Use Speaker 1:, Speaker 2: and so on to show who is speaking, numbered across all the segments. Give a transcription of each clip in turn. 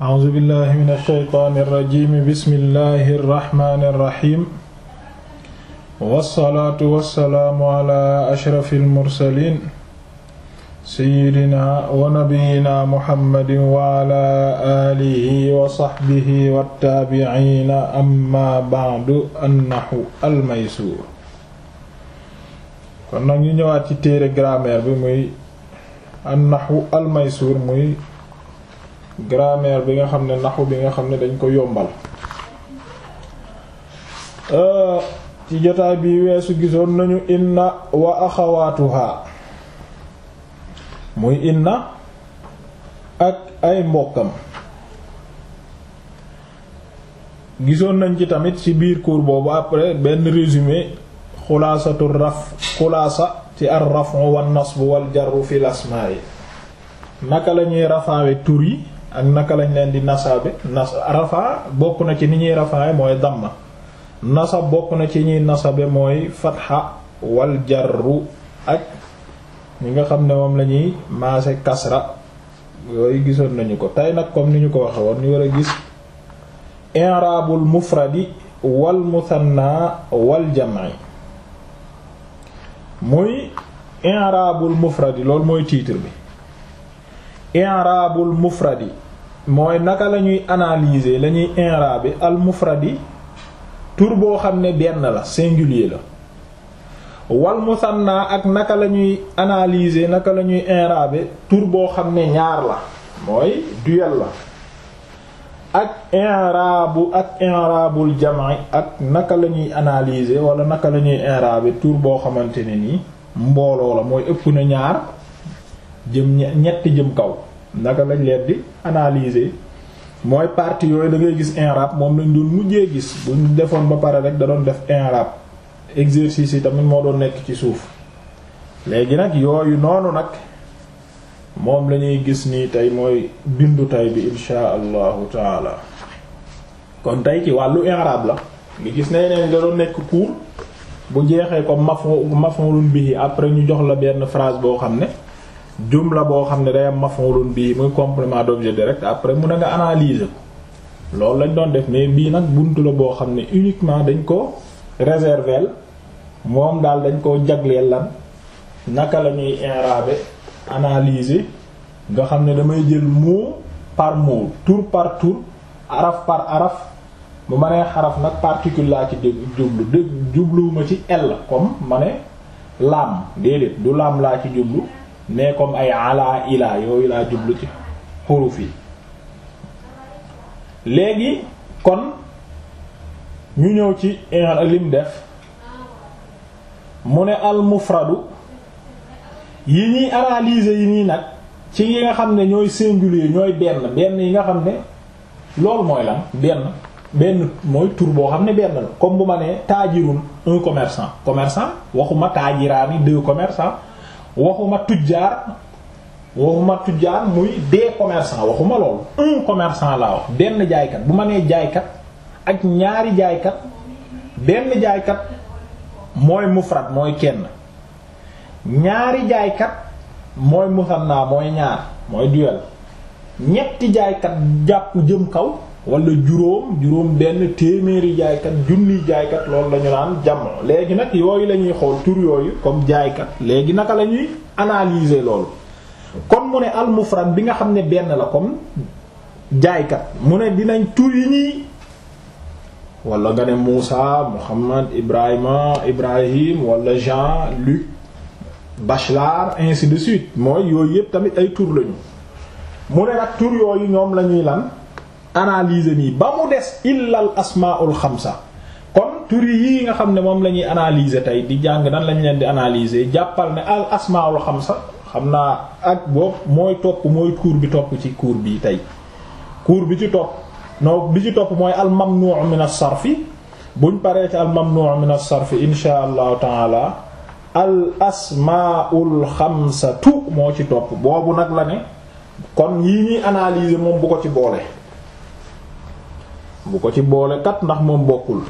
Speaker 1: أعوذ بالله من الشيطان الرجيم بسم الله الرحمن الرحيم والصلاة والسلام على أشرف المرسلين سيدنا ونبينا محمد وعلى آله وصحبه والتابعين أما بعد النحو الميسور kon nag ñu ñëwaat ci téere grammaire bi muy النحو الميسور muy grammaire bi nga xam ne naxu bi nga xam ne dañ ko yombal euh, ci jotaay bii weesu gisoon nañu inna wa axawaatuha muy inna ak ay mbokkam gisoon nañ ci tamit ci biir kuur boobu après benn résumé xulaasatu raf xulaasa ci ar rafu wan nasb wal jarru fil asmaa yi naka lañuy rafaawe tur yi ak naka lañ leen di nasabe nas rafa bokk na ci ni ñuy rafaay mooy damma nasab bokk na ci ñuy nasabe mooy fatxa wal jarru ak ñi nga xam ne moom lañuy ñuy maase kasra yooyu gisoon nañu ko tey nag comme ni ñu ko waxe woon ñu war a gis i'rabul mufradi wal muthanna wal jam'i muy i'rabul mufradi loolu mooy titre bi i'raabul mufradi mooy naka la ñuy analyser la ñuy i'raabe al mufradi tur boo xam ne benn la singulier la wal musanna ak naka la ñuy analyser naka la ñuy i'raabe tur boo xam ne ñaar la mooy duel la ak i'raabu ak i'raabul jam'i ak naka la ñuy analyser wala naka la ñuy i'raabe tur boo xamante ne nii mbooloo la mooy ëpp na ñaar jëm ñetti jëm kaw naka lañ leen di analyser mooy partie yooyu da ngay gis inrab moom lañ doon mujjee gis buñ defoon ba pare rek da doon def inrab exercice yi tamit moo doon nekk ci suuf léegi nag yooyu noonu nag moom la ñuy gis nii tey mooy bindu tay bi insha allahu taala kon tey ci wàllu inrab la nga gis ne yeneen da doon nekk cours bu jeexee comme maf'ulun bihi après ñu jox la benn france boo xam ne jumla boo xam ne day am maf'ulun bii muy complément d'objet direct après mu a nga analyser ko loolu lañ doon def mais bii nag buntu la boo xam ne uniquement dañ ko réserver moom daal dañ ko jagleel lan naka la ñuy inrabe analyser nga xam ne damay jël mot par mot tour par tour araf par araf bu ma nee xaraf nag particule laa ci jublu dé jubluwuma ci el comme ma ne laam déedéet du laam laa ci jublu mais comme ay ala ila yooyu laa jublu ci xuruf yi léegi kon ñu ñëw ci lim def mu ne al mufradu yi ñuy analyser yi nii nag ci yi nga xam ne ñooy singulier ñooy benn benn yi nga xam ne loolu mooy lan benn benn mooy tur boo xam ne benn la comme bu ma nee taajirun un commerçant commerçant waxuma taajiraani deux commerçants waxuma tujjaar waxuma tujjaar muy des commerçants waxuma loolu un commerçant laa wax benn jaaykat bu ma nee jaaykat ak ñaari jaaykat benn jaaykat mooy mufrad mooy kenn ñaari jaaykat mooy musanna mooy ñaar mooy duel ñetti jaaykat jàpp jëm kaw wala juróom juróom benn téeméeri jaaykat junniy jaaykat loolu lañu ñu naan jamono léegi nag yooyu la ñuy xool tur yooyu comme jaaykat léegi naka lañuy ñuy analyser loolu kon mu ne al bi nga xam ne benn la comme jaaykat mu ne dinañ tur yi ñuy wala nga ne Moussa Muhammad Ibrahima Ibrahim wala Jean Luc Bachelard ainsi de suite mooy yooyu yëpp tamit ay tur lañu mu ne nag tur yooyu ñoom la ñuy lan. analyser nii ba mu des illal asmaul xamsa kon turi yii nga xam ne moom la ñuy analyser tey di jàng nan lañ leen di analyser jàppal ne al asmaul xamsa xam naa ak boobu mooy topp mooy cours bi topp ci cours bi tey cours bi ci topp no bi ci topp mooy al mamnu' min as-sarfi paree ci al mamnu' min as-sarfi insha allahu taala al asmaul xamsatu moo ci topp boobu nag la ne kon yii ñuy analyser moom bu ko ci boole bu ko ci boole kat ndax moom bokkul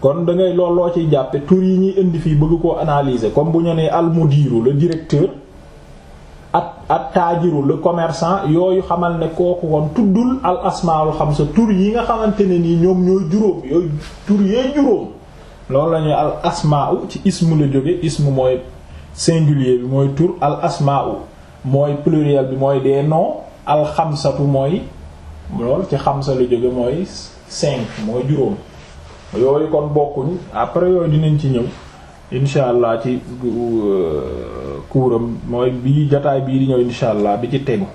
Speaker 1: kon dangay ngay loo ciy jàppe tur yi ñuy indi fii bëgg koo analyser comme bu ñu nee almudiru la directeur ak ak taajiru la commerçant yooyu xamal ne kooku kon tuddul al asmaul xamsa tur yi nga xamante ne nii ñoom ñooy juróom yooyu tur yee juróom loolu la ñuy al asmau ci ismu la jóge ismu mooy singulier bi mooy tur al asmau mooy pluriel bi mooy des noms al xamsatu mooy lool ci xam sa lu jóge mooy cinq mooy juróom yooyu kon bokkuñ après yooyu dinañ ci ñëw incha allah ci euh, kuuram mooy bii jataay bii di ñëw incha allah bi ci tegu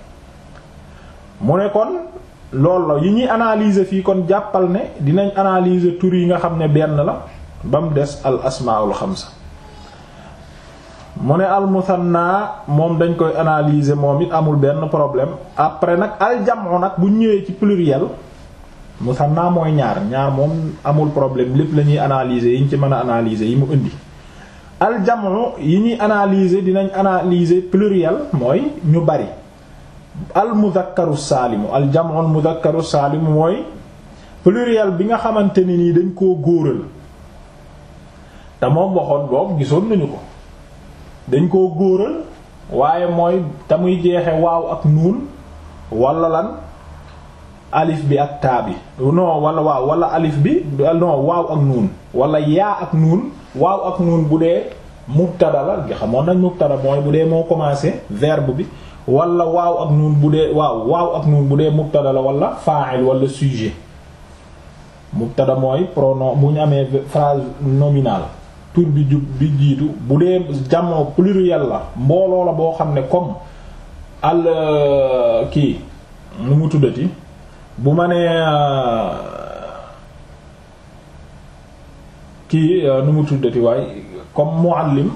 Speaker 1: mu ne kon loolu la yi ñuy analyser fii kon jàppal ne dinañ analyser tur yi nga xam ne benn la ba mu des al asmaul xamsa mu ne almusanna moom dañ koy analyser moom it amul benn problème après nag aljamu nag bu ñëwee ci pluriel musanna mooy ñaar ñaar moom amul problème lépp lañuy ñuy analyser yi ñu ci mën a analyser yi mu indi al aljamu yi ñuy analyser dinañ analyser pluriel mooy ñu bari almudakkaru saalimu aljamu almudakkaru saalimu mooy pluriel bi nga xamante ni nii dañ koo góoral te moom waxoon boobu gisoon nañu ko dañ koo góoral waaye mooy te muy jeexe waaw ak nuun wala lan alif bi ak taa bi non wala waaw wala alif bi non waaw ak nuun wala yaa ak nuun waaw ak nuun bu dee mubtada la nga xamoon nañ mubtada mooy bu dee moo commencé verbe bi wala waaw ak nuun bu dee waaw waaw ak nuun bu dee mubtada la wala fa'il wala sujet mubtada mooy pronom bu ñu amee phrase nominale tur bi jub bi jiitu bu dee jamoo pluriel la mbooloo la boo xam ne comme al euh, kii nu mu tuddati bu ma nee euh, kii euh, nu mu tuddati waaye comme muallim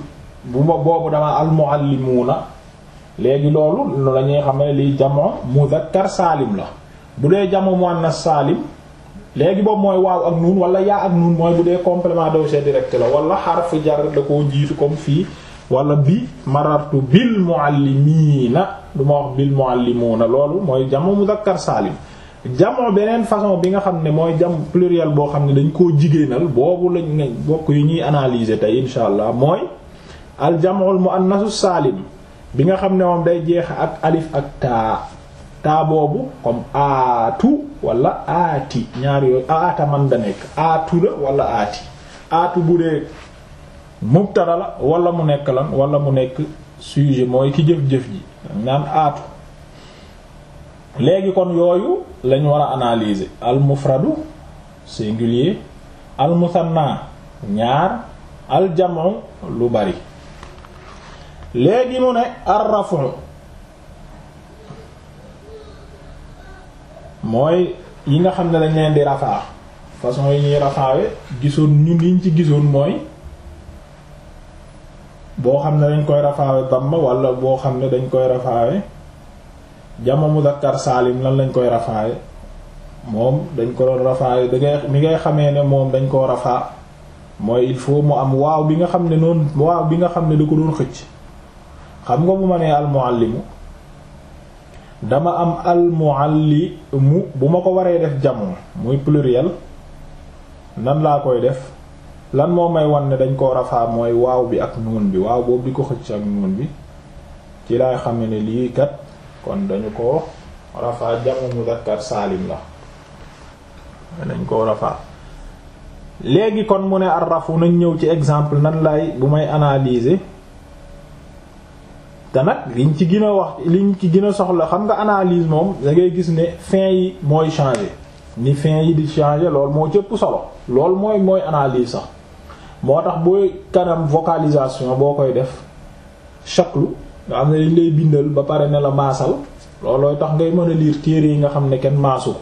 Speaker 1: bu ma boobu dama al muallimuuna léegi loolu la ñuy xam ne liy jamoo muzakkar saalim la bu dee jamoo muannas saalim léegi boobu mooy waaw ak nuun wala yaa ak nuun mooy bu dee complément d'objet direct la wala xarfu jar da koo jiitu comme fii wala bi marartu bil muallimiina du ma wax bil muallimuuna loolu mooy jamu muzakkar saalim jamoo beneen façon bi nga xam ne mooy jam pluriel boo xam ne dañ koo jigéenal boobu lañ ne bokk yi ñuy analyser tey insha allah mooy al jamul muannasu saalim bi nga xam ne moom day jeex ak alif ak taa taa boobu comme aatu wala aati ñaar yooyu aata man da nekk aatu la wala aati aatu bu dee mubtada la wala mu nekk lan walla mu nekk sujet mooy ki jëf-jëf ji naan aatu léegi kon yooyu lañ war a analyser al mufradu singulier al ñaar al jam'u lu bari léegi mu ne ar mooy yi nga xam ne dañ leen di rafaa façon yi ñuy rafaawe gisoon ñun liñ ci gisoon mooy boo xam ne dañ koy rafaawe damma wala boo xam ne dañ koy rafaawe jama muzakkar saalim lan lañ koy rafaawe moom dañ ko doon rafaawe da mi ngay xamee ne moom dañ koo rafaa mooy il faut mu am waaw bi nga xam ne noonu waaw bi nga xam ne da ko doon xëcc xam nga bu ma nee almuallimu dama am almuallimu bu ma ko waree def jamu muy pluriel nan laa koy def lan moo may wan ne dañ ko rafaa mooy waaw bi ak nuun bi waaw boobu di ko xëcc ak nuun bi ci laay xame ne lii kat kon dañu ko rafaa jamu muzakkar saalim la dañ ko rafaa léegi kon mu ne ar rafu nañ ñëw ci exemple nan laay bu may analyser te nag liñ ci gën a wax liñ ci gën a soxla xam nga analyse moom da ngay gis ne fin yi mooy changer ni fin yi di changer lool moo cëpp solo lool mooy mooy analyse sax moo tax booy kanam vocalisation boo koy def chaklu nga xam ne dañ lay bindal ba pare ne la maasal loolooy tax ngay mën a lire téere yi nga xam ne kenn maasu ko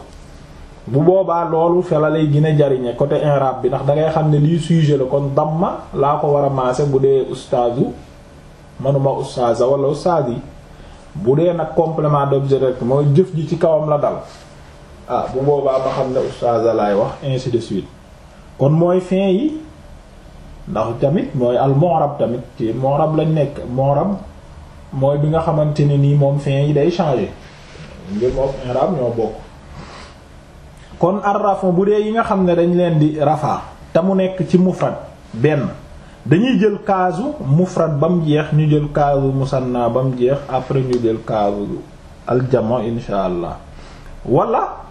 Speaker 1: bu boobaa loolu fela lay gën a jariñe côté inrab bi ndax dangay xam ne lii sujet la kon damma laa ko war a maase bu dee ustaazu manuma ustaaza wala ustaaz yi bu dee nag complement d'objet direct mooy jëf ji ci kawam la dal ah bu boobaa ma xam ne ustaaza laay wax ainsi de suite kon mooy fin yi ndax tamit mooy al mu'rab tamit ci mu'rab lañ nekk mu'rab mooy bi nga xamante ne nii moom fin yi day changer ngir moom i'rab kon ar bu dee yi nga xam ne dañ leen di rafa te mu nekk ci mufrad benn dañuy jël kaasu mufrad ba mu jeex ñu jël kaasu musanna ba mu jeex après ñu jël kaasu aljama insha allah wala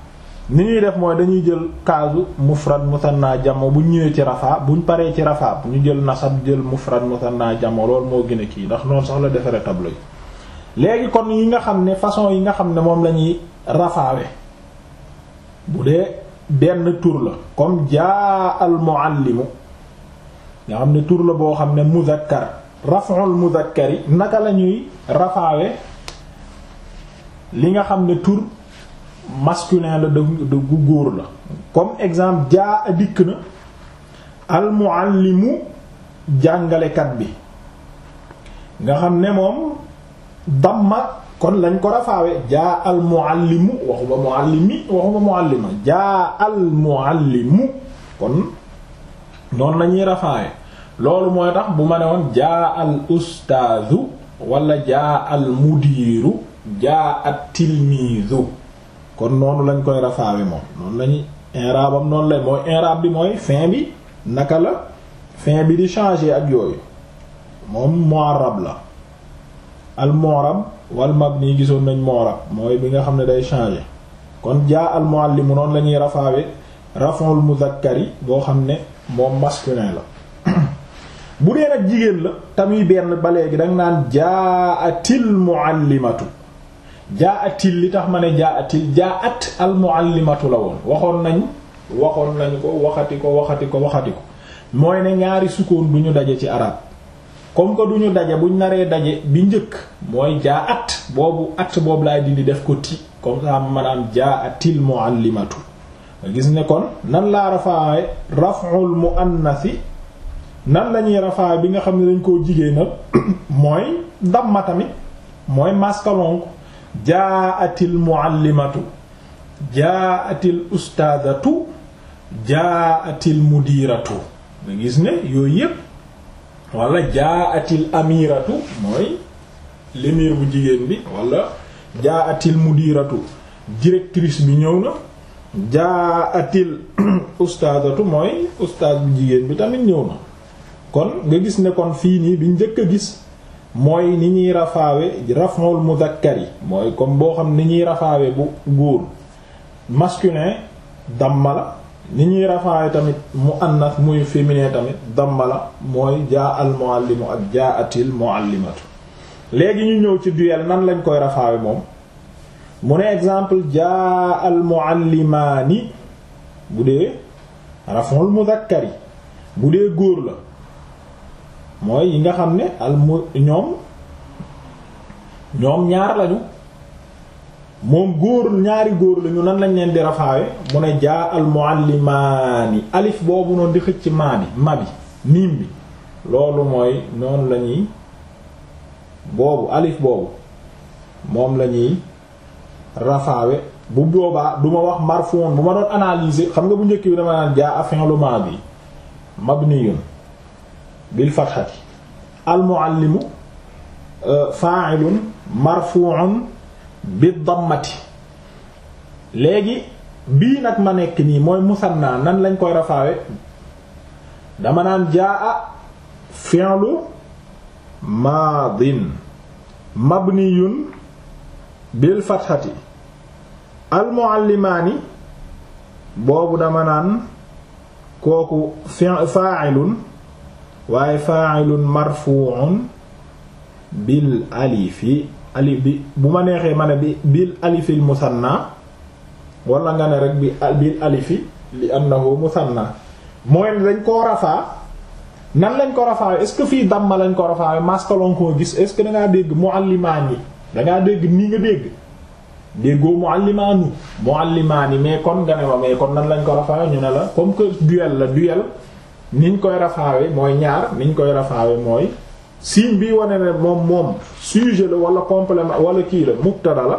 Speaker 1: ni ñuy def mooy dañuy jël kaasu mufrad musanna jamo bu ñëwee ci rafaa buñ paree ci rafaa ñu jël nasab jël mufrad musanna jamo loolu moo gën a kii ndax noonu sax defaree tablo yi léegi kon yi nga xam ne façon yi nga xam ne moom la ñuy rafaawe bu dee benn tur la comme jaa al muallimu nga xam ne tur la boo xam ne muzakkar raf'ul muzakkari naka la ñuy rafaawe li nga xam ne tur masculin la de de góor la comme exemple jaa a dikk na al muallimu jàngalekat bi nga xam ne moom damma kon lañ ko rafaawe jaa al muallimu waxu ba muallimi jaa al kon noonu lañuy ñuy rafaawe loolu mooy tax bu ma ne woon jaa al ustaazu wala jaa al mudiiru jaa at tilmiizu kon noonu lañ koy rafaawe moom noonu lañuy inraabam noonu lay mooy inraab bi mooy fin bi naka la fin bi di changer ak yooyu moom mu'arrab la al mu'rab wal mabni gisoon nañ mu'rab mooy bi nga xam ne day changer kon jaa al muallimu noonu la ñuy rafaawe raf'ul muzakkari boo xam ne moom masculin la bu dee nag jigéen la tamuy benn ba léegi danga naan jaa atil muallimatu jaa atil li tax ma ne jaa atil jaa at al muallimatu la woon waxoon nañ waxoon nañ ko waxati ko waxati ko waxati ko mooy ne ñaari sukkoon du ñu daje ci arab comme que duñu daje buñ naree daje bi njëkk mooy jaa at boobu at boobu laay dindi def ko ti comme ça ma jaa atil muallimatu gis ne kon nan laa rafaawe raf'ul muannasi nan la ñuy rafaawe bi nga xam ne dañ koo jigéenal mooy damma tamit mooy maskalonk jaatil muallimatu jaatil ustaadatu jaatil mudiiratu nga gis ne yooyu yépp wala jaatil amiratu mooy l'émir bu jigéen bi wala jaatil mudiratu directrice bi ñëw na jaa atil ustaadatu mooy ustaad bu jigéen bi tamit ñëw na kon nga gis ne kon fii nii bi njëkk a gis mooy ni ñuy rafaawe raf'ul muzakkar yi mooy comme boo xam ni ñuy rafaawe bu góor masculin damma ni ñuy rafaawe tamit mu muannas muy féminin tamit damma la mooy jaa al ak jaa atil muallimatu léegi ñu ñëw ci duel nan lañ koy rafaawe moom mu ne exemple jaa al muallimaani bu dee raf'ul muzakkari bu dee góor la mooy yi nga xam ne al ñoom ñoom ñaar lañu moom góor ñaari góor lañu nan lañ leen di rafaawe mu ne jaa al alif boobu noonu di xëcc maa bi ma bi niim bi loolu mooy noonu lañuy boobu alif boobu moom lañuy rafaawe bu boobaa du ma wax marfuun bu ma doon analyser xam nga bu njëkk bi dama naan jaa fi'lu maadi mabniyun bil fathati al muallimu euh, fa'ilun marfu'un bid dammati léegi bii nag ma nekk nii mooy musanna nan lañ koy rafaawe dama naan jaa fi'lu maadin mabniyun bil fatxati almuallimaani boobu dama naan kooku fa'ilun waaye fa'ilun marfu'un bil alifi alif bi bu ma neexee mane bi bil alifil musanna wala nga ne rek bi bil alifi li annahu musanna mooy dañ koo rafaa nan lañ ko rafaa est-ce que fii damma lañ ko rafaa masque lañ koo gis est-ce que dangaa dégg muallimaani dangaa dégg nii nga dégg déggoo muallimaanu muallimaani mais kon nga ne ma mais kon nan lañ ko rafaawe ñu ne la comme que duel la duel niñ koy rafaawe mooy ñaar niñ koy rafaawe mooy signe bi wane ne moom moom sujet la wala complément wala kii la mubtada la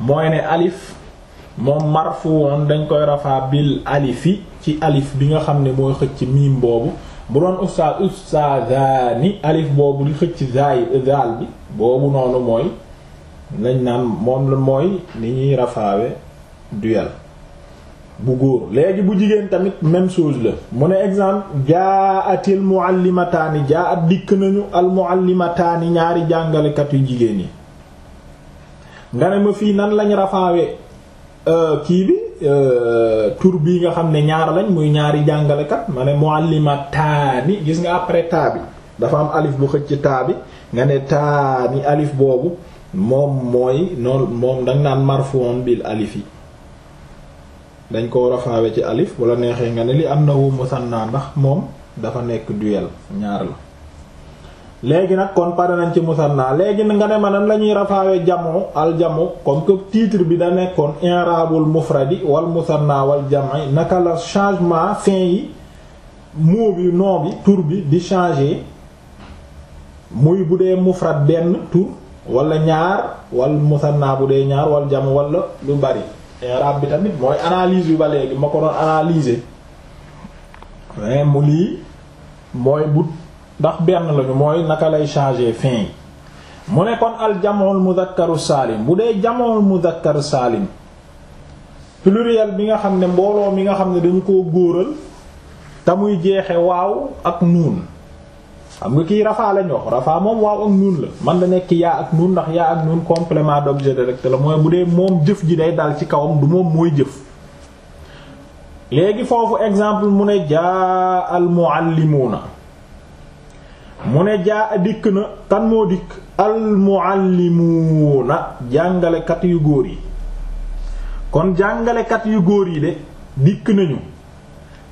Speaker 1: mooy ne alif moom marfu woon dañ koy rafaa bil alifi ci alif bi nga xam ne mooy xëcc miim boobu mu doon ustaaz ustaazaani alif boobu di xëcc zaay zaal bi boobu noonu mooy nañ naan moom la mooy ni ñuy rafaawe duel bu góor léegi bu jigéen tamit même chose la mu ne exemple jaa atil muallimataani jaa at dikk nañu al muallimataani ñaari jàngalekat yu jigéen yi nga ne ma fii nan lañ rafaawe euh, kii bi euh, tur bii nga xam ne ñaar lañ muy ñaari jàngalekat ma ne muallimataani gis nga après taa dafa am alif bu xëcc taa bi nga ne taa ni alif boobu moom mooy noonu moom danga naan marfuun bil alif yi dañ kow rafaawe ci alif wala neexee nga ne li annahu musanna ndax moom dafa nekk duyel ñaar la léegi nag kon pare nañ ci musanna léegi nga ne ma nan la ñuy rafaawe jamo al jamo comme que titre bi da nekkoon i'rabul mufradi wal musanna wal jam'i naka la changement fin yi mot bi nom bi tur bi di changer muy bu dee mufrad benn tur walla ñaar wal musanna bu dee ñaar wal jam walla lu bari i'rab bi tamit mooy analyse bi ba léegi ma ko doon analyser lii mooy but ndax benn lañu mooy naka lay changer fin yi mu ne kon al jam'ul mudhakkaru saalim bu dee jam'ul mudhakkaru saalim pluriel bi nga xam ne mbooloo mi nga xam ne dañu ko góoral te muy jeexe waaw ak nuun xam nga kii rafaa lañ wax rafaa moom waaw ak nuun la man da nekk yaa ak nuun ndax yaa ak nuun complément d'objet direct la mooy bu dee moom jëf ji day daal ci kawam du moom mooy jëf léegi foofu exemple mu ne jaa al muallimuuna mu ne jaa dikk na kan moo dikk al muallimuuna jàngalekat yu góor yi kon jàngalekat yu góor yi de dikk nañu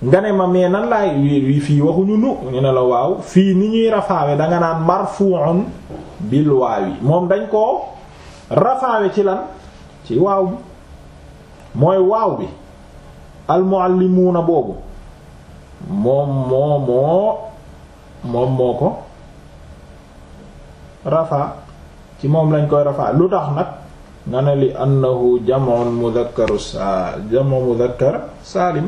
Speaker 1: nga ne ma mais nan laay wi fii waxuñu nu ñu ne la waaw fii ni ñuy rafaawe danga naan marfu'un bil waawi moom dañ koo rafaawe ci lan ci waaw bi mooy waaw bi al muallimuuna boobu moom moo moo moom moo ko rafaa ci moom lañ koy rafaa lu tax nag nga ne li annahu jam'un mudhakkar sa jam'u mudhakkar saalim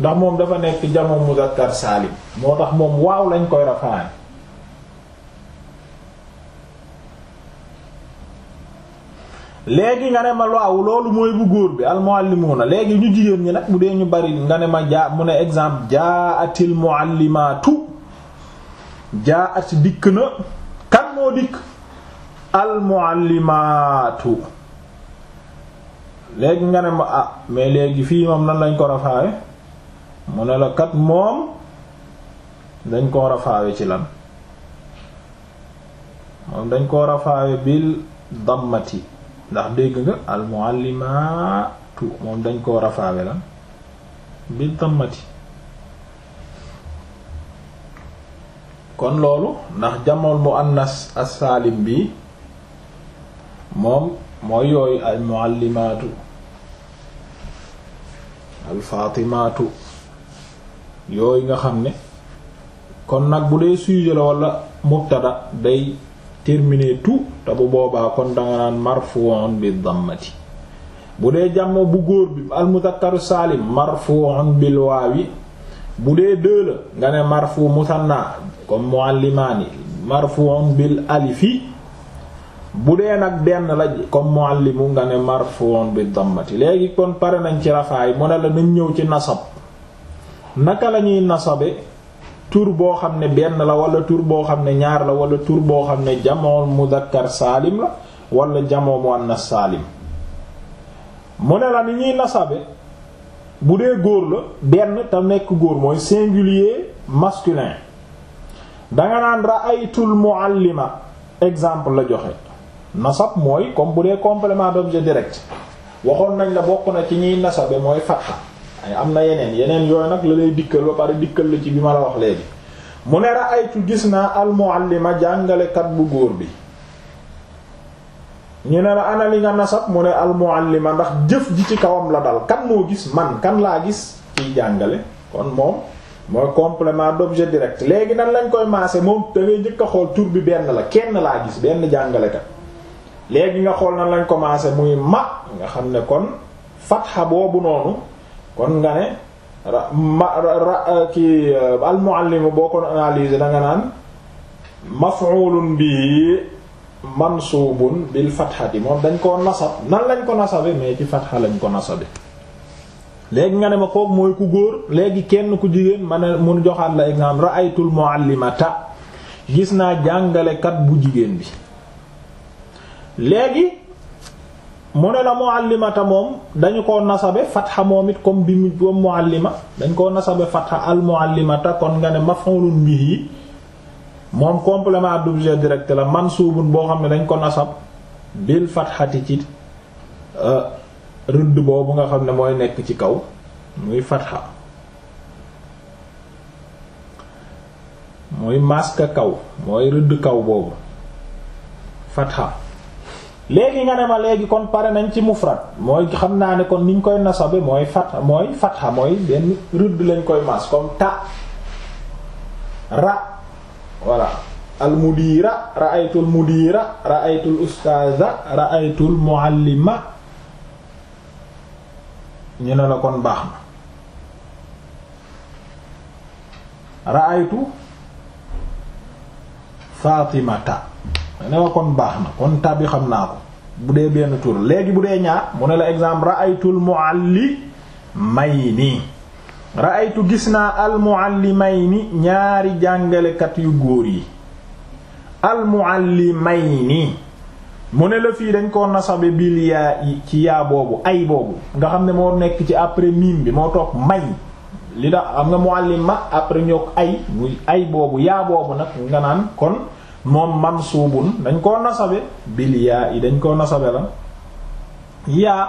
Speaker 1: ndax moom dafa nekk jamu muzakkar saalim moo tax moom waaw lañ koy rafaani léegi nga ne ma loolu mooy bu góor bi na léegi ñu jigéen ñi nag mu dee ñu bari nga ne ma jaa mu ne exemple jaa atil muallimaatu jaa at dikk na kan moo dikk almuallimaatu léegi nga ne ma ah mais léegi fii moom nan lañ ko rafaawe mu ne la kat moom dañ koo rafaawe ci lan moom dañ koo rafaawe bil dammati ndax dégg nga al moom dañ koo rafaawe lan bil dammati kon loolu ndax jamal mu annas as bi moom mooy yooyu al muallimatu yooyu nga xam ne kon nag bu dee sujet la wala mubtada day terminer tout te bu boobaa kon danga naan marfu'un bi dammati bu dee jàmm bu góor bi al muzakkar saalim marfu'un bil waawi bu dee deux la nga ne marfu musanna comme muallimaani bu dee nag benn la comme muallimu nga ne marfu'un bi dammati léegi kon pare nañ ci rafaay mu ne la nañ ñëw ci nasab naka la ñuy nasabe tur boo xam ne benn la wala tur boo xam ne ñaar la wala tur boo xam ne jamono mudakkar saalim la wala jamono muannas saalim mu ne la ni ñuy nasabe bu dee góor la benn te nekk góor mooy singulier masculin danga naan ra'aytul muallima exemple la joxe nasab mooy comme bu dee complément d'objet direct waxoon nañ la bokk na ci ñuy nasabe mooy fatta am na yeneen yeneen yooyu nag la lay dikkal ba pare dikkal la ci bi ma la wax léegi mu ne ra'aytu gis naa almuallima jàngalekat bu góor bi ñu ne la ana li nga nasab mu ne almuallima ndax jëf ji ci kawam la dal kan moo gis man kan laa gis ciy jàngale kon moom mooy complément d'objet direct léegi nan lañ koy maase moom da ngay njëkk a xool tur bi benn la kenn laa gis benn jàngalekat léegi nga xool nan lañ ko maase muy ma nga xam ne kon fatxa boobu noonu kon nga ne ra ma ra eh, ki eh, al boo ko analyser da nga naan maf'ulun bi mansubun bil fathati moom dañ ko nasab nan lañ ko nasabe mais ci fatha lañ ko nasabe léegi nga ne ma kook mooy ku góor léegi kenn ku jigéen ma ne mun joxaat la exemple ra'aytul muallimata gis naa jàngalekat bu jigéen bi léegi mu ne la muallimata moom dañu ko nasabe fatxa moom it comme bi mu comme muallima dañ koo nasabe fatxa al muallimata kon nga ne maf'ulun bihi moom complément d'objet direct la man mansuubun boo xam ne dañ ko nasab bil fatxati ci euh, rëdd boobu nga xam ne mooy nekk ci kaw muy fatxa muy mask kaw mooy rëdd kaw boobu fatxa léegi nga ne ma léegi kon pare nañ ci mufrad mooy xam naa ne kon niñ koy nasabe mooy fat mooy fatha mooy benn rëdd lañ koy mas comme ta ra voilà al mudira ra'aytul mudira ra'aytul ustaza ra'aytul muallima ñu ne la kon baax na ra'aytu fatimata ne la kon baax na kon tab yi xam naa ko bu dee benn tur léegi bu dee ñaar mu ne la exemple ra'aytul mu'allimayni ra'aytu gis naa may nii ñaari jàngalekat yu góor yi al mu'allimayni mu ne la fii dañ ko nasabe bil yaa yi ci yaa boobu ay boobu nga xam ne moo nekk ci après mim bi moo toog may li da am nga ma après ñook ay muy ay boobu yaa boobu nag nga naan kon moom man mansuubun dañ koo nasabe bil yi dañ koo nasabe la yaa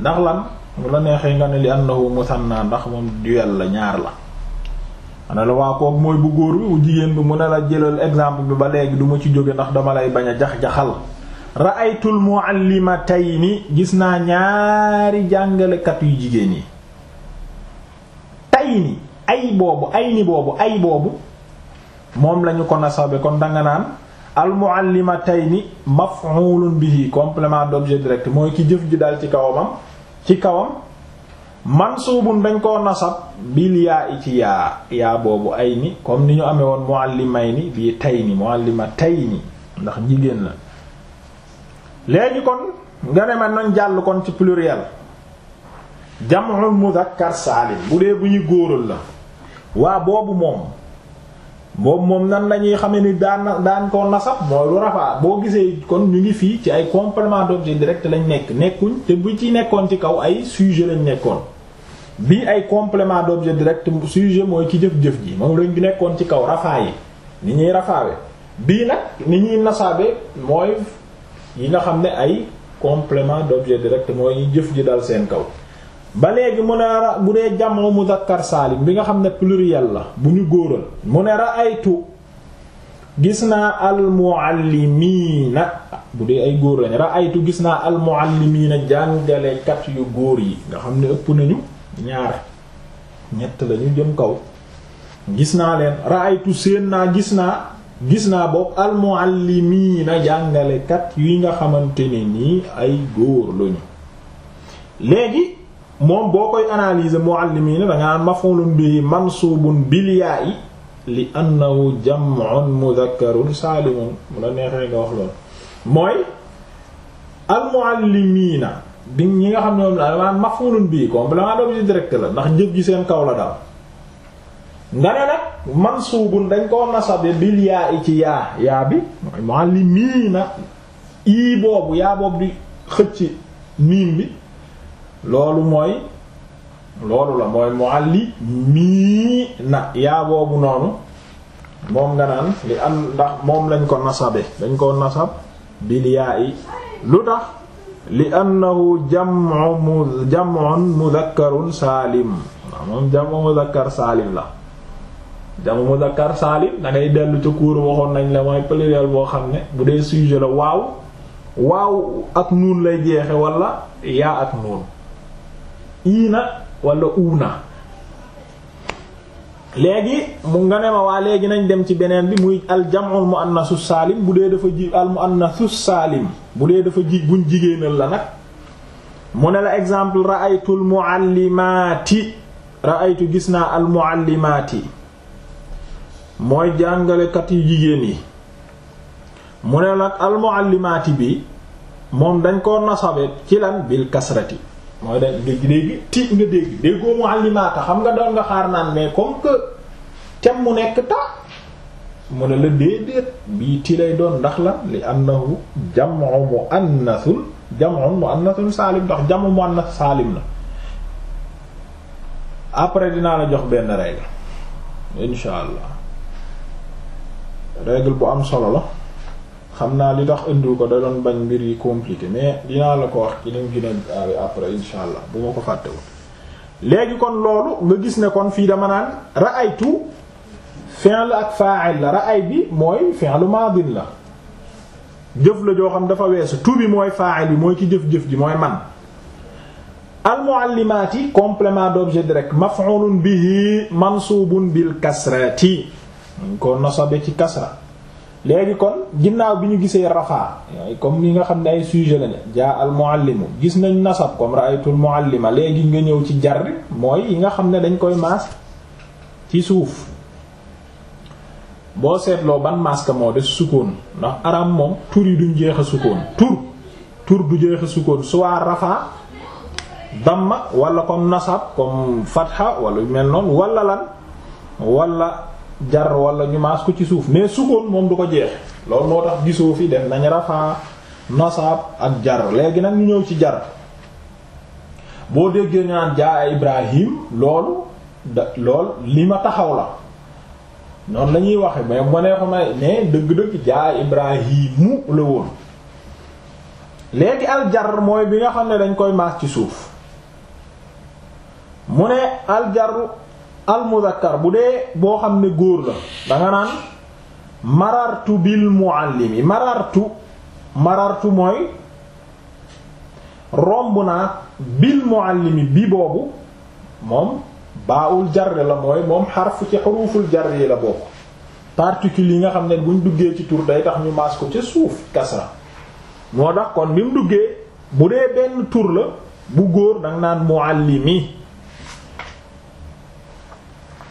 Speaker 1: ndax lan mu la neexee nga ne li annahu musanna ndax moom duel la ñaar la ana la waa kook mooy bu góor bi bu jigéen bi mu ne la jëlal exemple bi ba léegi duma ci jóge ndax dama lay bañ a jax-jaxal ra'aytul muallimatayni gis naa ñaari jàngalekat yu jigéen yi tayni ay boobu ay ni boobu ay boobu moom lañu ko nasabe kon danga naan al muallimatayni maf'ulun bihi complément d'objet direct mooy ki jëf ji dal ci kawamam ci kawam mansuubun dañ koo nasab bil yaa i ci yaa yaa boobu ay ni comme ni ñu amee woon bii tay ni muallimatayni ndax jigéen la léegi kon nga ne ma nañ jàll kon ci pluriel jam'ul mudhakkar saalim bu dee bu ñu góoral la waa boobu moom boobu moom nan lañuy xamee ni daan daan na sax mooy lu rafaa boo gisee kon ñu ngi fii ci ay complément d'objet direct lañ nekk nekkuñ te bu ci nekkoon ci kaw ay sujet lañ nekkoon bii ay complément d'objet direct sujet mooy ki jëf-jëf ji moom lañ nekkoon ci kaw rafaa yi ni ñuy rafaawe bii nag ni ñuy nasaabe mooy yi nga xam ne ay complément d'objet direct mooy jëf ji dal seen kaw ba léegi mu ne ra bu dee jamu muzakkar saalim bi nga xam ne pluriel la bu ñu góoral mu ne ra'aytu gis naa almuallimiina bu dee ay góor lañ aytu gis naa almuallimiina jàngalekat yu góor yi nga xam ne ëpp nañu ñaar ñett lañu jëm kaw gis naa leen ra'aytu séen naa gis naa gis naa bopp almuallimiina jàngalekat yi nga xamante ne nii ay góor lañu léegi moom boo koy analyser muallimiina da nga maf'ulun bihi mansuubun bil yaa'i li annahu jam'un mudhakkarun saalimun mu la neexee nga wax lool mooy al di ñi nga xam ne moom la dama maf'ulun bihi la ndax njëg seen kaw la nag mansuubun dañ koo nasabe bil yaa'i ci yaa yaa bi mooy muallimiina ii boobu yaa boobu di xëcc miim bi loolu mooy loolu la mooy mualli mii na yaa boobu noonu moom nga naan li am ndax moom lañ ko nasabe dañ ko nasab bil yaa i lu tax li annahu jam'u mu jam'un mudhakkarun saalim waaw moom jam'u mudhakkar saalim la jam'u mudhakkar saalim da dellu ca kuur waxoon nañ la mooy pluriel boo xam ne bu dee sujet la waaw waaw ak nuun lay jeexe walla yaa ak nuun iina wala uuna léegi mu nga ne ma waa léegi nañ dem ci beneen bi muy aljamul muannasu saalim bu dee dafa ji al muannasu saalim bu dee dafa ji buñ jigéenal la nag mu ne la exemple ra'aytu al muallimaati ra'aytu gis naa al muallimaati mooy jàngalekat yu jigéen yi mu ne nag al muallimaati bi moom dañ ko nasabe ci lan bil kasrati mooy da dégg dégg tiit nga dégg déggoo muallimaata xam nga doon nga xaar naan mais comme que tem mu nekk ta mu ne la déedéet bii ti lay doon ndax la li annahu jam'u muannathun jam'u muannathun saalim ndax jam'u muannath saalim la après dinaa la jox benn règle insha allah règle bu am solo la xam naa li tax indiw ko da doon bañ mbir yi compliqué mais dinaa la ko wax ci mu gën a gaawe après insha allah bu ma ko fàttewul léegi kon loolu nga gis ne kon fii dama naan ra'aytu fi'l ak fa'il la ay bi mooy fi'l madin la jëf la joo xam dafa weesu tu bi mooy fa'il bi mooy ci jëf-jëf ji mooy man al muallimaati complément d'objet direct maf'ulun bi mansubun bil kasrati ko nasabe ci kasra léegi kon ginnaaw bi ñu gisee rafaa comme yi nga xam ne ay sujet lañu jaa al muallimu gis nañ nasab comme ra'aytul muallima léegi nga ñëw ci jar mooy yi nga xam ne dañ koy maas ci suuf boo seetloo ban maska moo def sukkoon ndax arab moom tur yi duñ jeex a sukkoon tur tur du jeex a sukkoon soit rafaa damma wala comme nasab comme fatha wala mel noonu wala lan wala jar wala ñu maas ko ci suuf mais sukoon moom du ko jeex loolu moo tax gisoo fi def nañ rafaa nasaab ak jar léegi nag ñu ñëw ci jar boo déggee naan jaa Ibrahim loolu da lool li ma taxaw la noonu lañuy ñuy waxe mais ma nee xam ne dëgg-dëgg jaa Ibrahimu la woon léegi al jar mooy bi nga xam ne dañ koy maas ci suuf mu ne jar almudakkar bu dee boo xam ne góor la danga naan marartu bil muallimi marartu mooy romb naa bil muallimi bi boobu moom baawul jar la mooy moom xarfu ci xuruful jar yi la bokk particules yi nga xam ne buñ duggee ci tur day tax ñu maas ko ci suuf kasra moo tax kon bi mu duggee bu dee benn tur la bu góor danga naan muallimi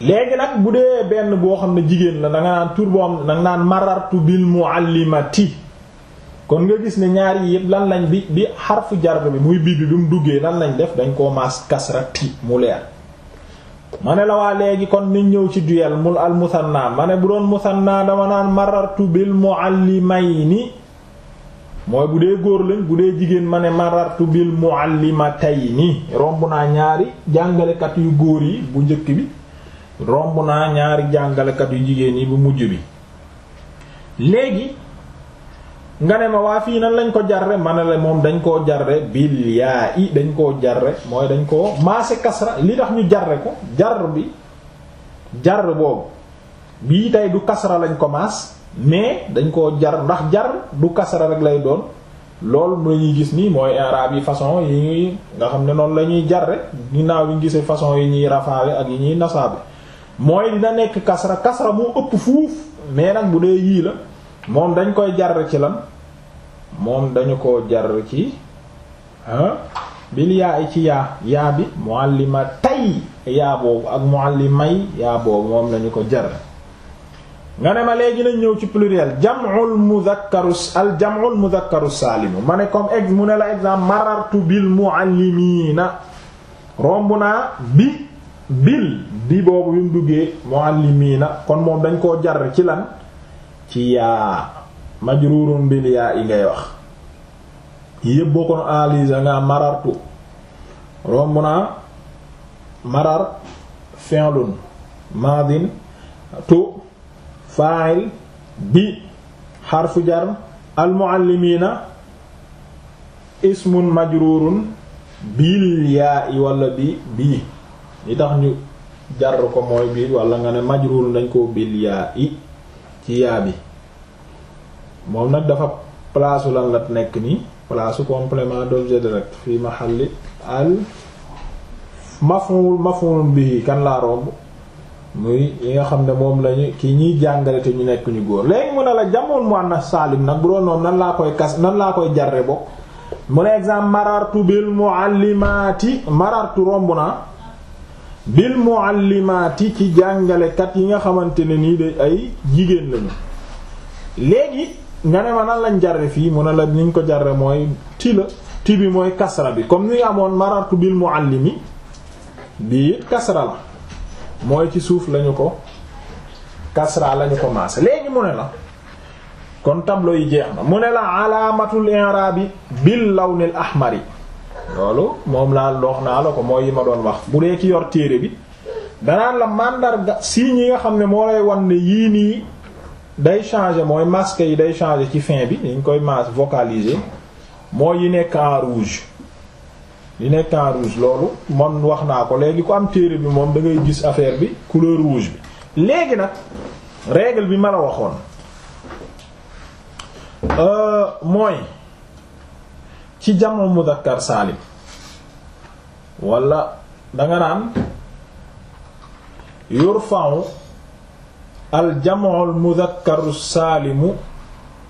Speaker 1: léegi nag bu dee benn boo xam ne jigéen la da naan tur boo xam ne da nga naan marartu bil muallimati kon nga gis ne ñaar yi yëpp lan lañ bi bi xarfu jar bi muy bii bi bi duggee lan lañ def dañ koo maas kasra ti mu leer ma ne la waa léegi kon ni ñëw ci duel mul al musanna ma ne bu doon musanna dama naan marartu bil muallimayni mooy bu dee góor lañ bu dee jigéen ma ne marartu bil nii romb naa ñaari jàngalekat yu góor yi bu njëkk bi romb naa ñaari jàngalekat yu jigéen yi bu mujj bi léegi nga ne ma waa fii nan lañ ko jar ma ne la moom dañ koo jarre bil yaa i dañ koo jarre mooy dañ koo maase kasra li tax ñu jarre ko jar bi jar boobu bii tey du kasra lañ ko maas mais dañ koo jar ndax jar du kasra rek lay doon loolu lañuy gis nii mooy arab yi façon yi ñuy nga xam ne noonu la ñuy jarre ginnaaw yi ñu gisee façon yi ñuy rafaale ak yi ñuy nasaabe mooy dina nekk kasra kasra moo ëpp fuuf mais nag bu dee yii la moom dañ koy jar ci lan moom dañu ko jar ci bil yaa i ci yaa yaa bi muallima tay yaa boobu ak muallimay yaa boobu moom lañu ko jar nga ne ma léegi nañ ñëw ci pluriel jam'ul mudhakkarus al jam'ul mudhakkarus saalimu ma ne comme mu la exemple marartu bil muallimiina romb naa bi bil bi boobu bi duggee muallimiina kon moom dañ koo jar ci lan ci yaa majrurun bil yaa yi ngay wax yëpp boo kon alisa nga marartu romb naa marar fi'lun madin tu fa'il bi xarfu jar al ismun majrurun bil yaa wala bi bii ni tax ñu jar ko mooy biir wala nga ne majrul dañ koo bil yaa i ci yaa bi moom nag dafa palaasu lan la nekk nii palaasu complément d'objet direct fii mahalli al maf'ul maf'ul bihi kan laa romb muy yi nga xam ne moom lañu ki ñuy jàngale te ñu nekk ñu góor léegi mu ne la jamoon muannas saalim nag bu doon moom nan laa koy kas nan laa koy jarre bokk mu ne exemple marartu bil muallimati marartu romb naa bil muallimaati ci jàngalekat yi nga xamante ne nii de ay jigéen lañu léegi nga ne ma nan lañ jarre fii mu ne la ni ko jarre mooy ti la bi mooy kasra bi comme ni amoon marartu bil muallimi bii it kasra la mooy ci suuf lañu ko kasra lañu ko maase léegi mu ne la kon tableau yi jeex na mu ne la alaamatul i'raabi bil lawnil ahmari loolu moom laa loox naa la ko mooy yi ma doon wax bu dee ki yor téere bi danaan la mandarga signes yi nga xam ne moo lay wan ne yii nii day changer mooy masque yi day changer ci fin bi dañ koy mas vocaliser mooy yi nekk en rouge yi nekk en rouge loolu man wax naa ko léegi ku am téere bi moom da ngay gis affaire bi couleur rouge bi léegi nag régle bi ma la waxoon euh mooy ci jamu mudakkar saalim wala danga naan yurfa'u al jamu al mudakkaru saalimu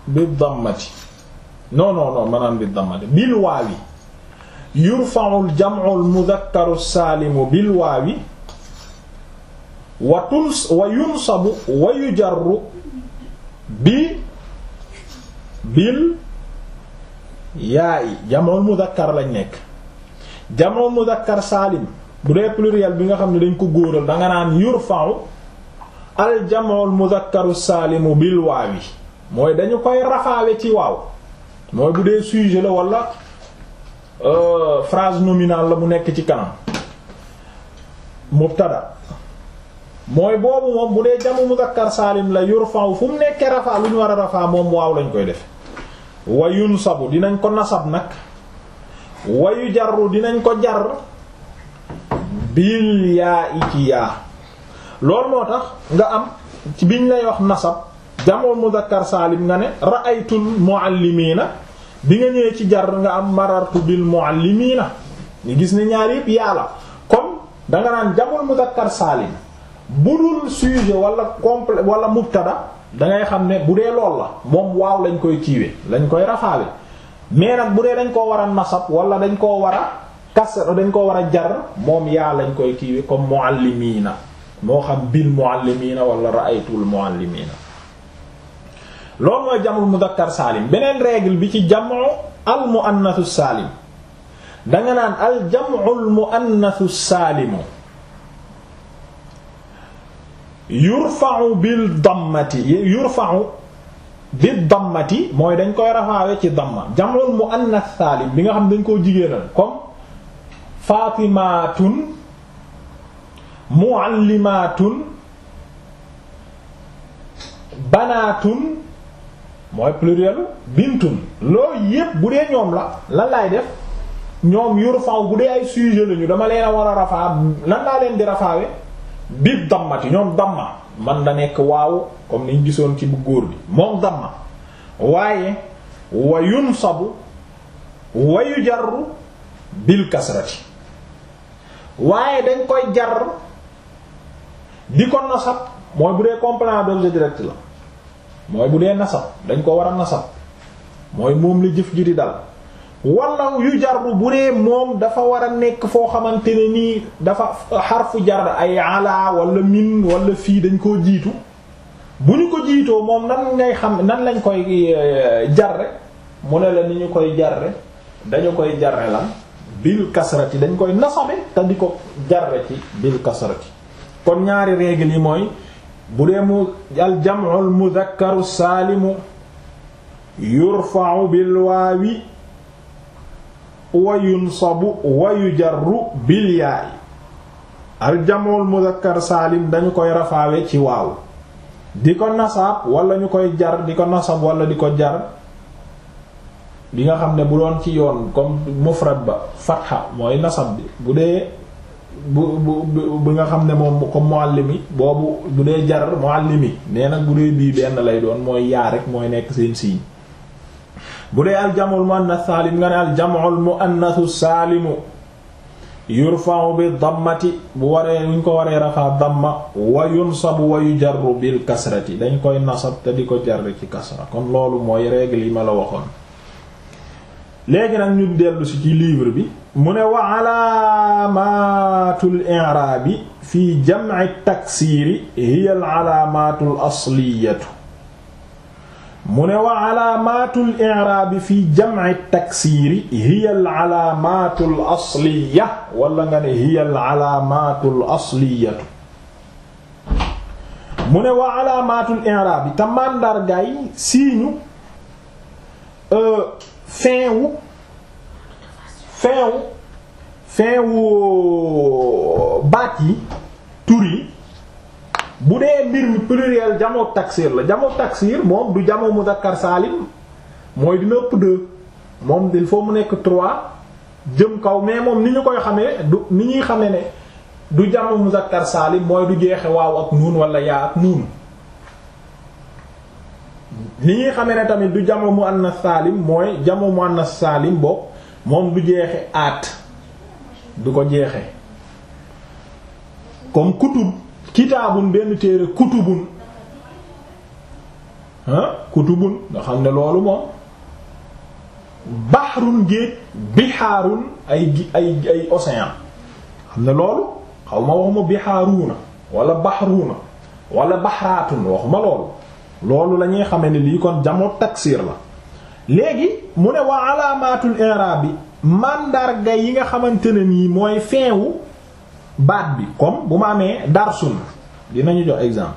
Speaker 1: bi dammati non non non maanaam bi dammati bil waawi yurfa'u al jamu al mudakkaru saalimu bil waawi wa tuns wa yunsabu wa yujarru bi bil yaa yi jamono muzakkar lañ nekk jamono muzakkar saalim bu dee pluriel bi nga xam ne dañ ko góoral danga naan yurfa'u al jamono muzakkaru saalimu bil waawi mooy dañu koy rafaawe ci waaw mooy bu dee sujet la wala euh, phrase nominale la mu nekk ci kanam mubtada mooy boobu moom bu dee jamu muzakkar saalim la yurfa'u fu mu nekkee rafaa lu ñu war a rafaa moom waaw lañ koy def wa yunsabu dinañ ko nasab nag wa yu jarru dinañ ko jar bil yaa i ci yaa loolu moo tax nga am ci biñ lay wax nasab jamono muzakkar saalim nga ne ra'aytul muallimiina bi nga ñëwee ci jar nga am marartu bil muallimiina ni gis ne ñaar yëpp yàlla comme danga naan jamono muzakkar saalim budul sujet wala complet wala mubtada dangay xam ne bu dee lool la moom waaw lañ koy kiiwe lañ koy rafaawe mais nag bu dee dañ koo war a nasab wala dañ koo war a kasr dañ koo war a jar moom yaa lañ koy kiiwee comme muallimiina moo xam bil muallimiina wala ra'aytul muallimiina loolu mooy jamul mudakkar saalim beneen règle bi ci jamu al muannasu saalim danga naan al jamul muannasu saalimu yurfa'u bil dammati yurfa'u bil dammati mooy dañ koy rafaawe ci damma mu muannas saalim bi nga xam dañ koo jigéenal comme faatimaatun muallimaatun banaatun mooy plurielu bintun loolu yépp bu dee ñoom la lan laay def ñoom yurfa'u bu dee ay sujet lañu dama leen a war a rafaa lan laa leen di rafaawe bi dammati ñoom damma man da nekk waaw comme niñ gisoon ci bu góor bi moom damma waaye wa yunsabu wayu yujarru bil kasrati waaye dañ koy jar di ko nasab mooy bu dee complément d'objet direct la mooy bu dee nasab dañ ko war a nasab mooy moom li jëf ji di dal wala yu jarru bu dee moom dafa war a nekk foo xamante ne nii dafa xarfu jar ay ala wala min wala fii dañ koo jiitu bu ñu ko jiitoo moom nan ngay xam nan lañ koy eh, jarre mu ne la ni ñu koy jarre dañu koy jarre lan bil kasrati dañ koy nasabe ta di ko jarre ci bil kasrati kon ñaari règle yi mooy bu dee mu al jam'ul mudhakkaru saalimu yurfa'u bil waawi wa yunsabu wa yujarru bil yaayi aljamul muzakkar saalim dañu koy rafaawe ci waaw di ko nasaab wala ñu koy jar di ko nasab walla di ko jar bi nga xam ne bu doon ci yoon comme mufrad ba fatha mooy nasab bi bu dee bu bu bi nga xam ne moom comme muallimi boobu bu dee jar muallimi nee nag bu dee bii benn lay doon mooy yaa rek mooy nekk seen signe bu dee aljamul muannas saalim nga ne aljamul muannasu saalimu yurfa'u bi dammati bu waree luñ ko waree rafaa damma wa yunsabu wa yujarru bil kasrati dañ koy nasab te di ko jar ci kasra kon loolu mooy règle yi ma la waxoon léegi nag ñu dellu si ci livre bi mu ne wa alaamatul i'raabi fi jam'i taksiiri hiya al alaamatul asliyatu mu ne wa calaamaatul i'raabi fi jamci taksiiri hiya al calaamaatul asliya wala nga ne hiya al calaamaatul asliyatu mu ne wa calaamaatul i'raabi te màndargaay siiñu euh, fin wu fin wu fin wu baat yi tur yi bu dee mbir mi pluriel jamo taksir la jamoo taksir moom du jamo muzakkar saalim mooy dina ëpp deux moom il faut mu nekk trois jëm kaw mais moom ni ñu koy xamee du ni ñuy xamee ne du jamo muzakkar saalim mooy du jeexe waaw ak wala yaa ak nuun xamee ne tamit du jamo muannas saalim mooy jamo muannas saalim boobu moom du jeexe aat du ko jeexe comme kutub kitaabun benn téere kutubun ah kutubun nga xam ne loolu moom bahrun géej bihaarun ay ay ay océan xam ne loolu xaw ma waxuma bihaaruuna walla bahruuna wala bahraatun waxuma loolu loolu la ñuy xame ne lii kon jamo taksiir la léegi mu ne waa alaamaatul i'raab bi mandarga yi nga xamante ne nii mooy feewu baat bi comme bu ma amee dar sun dinañu jox exemple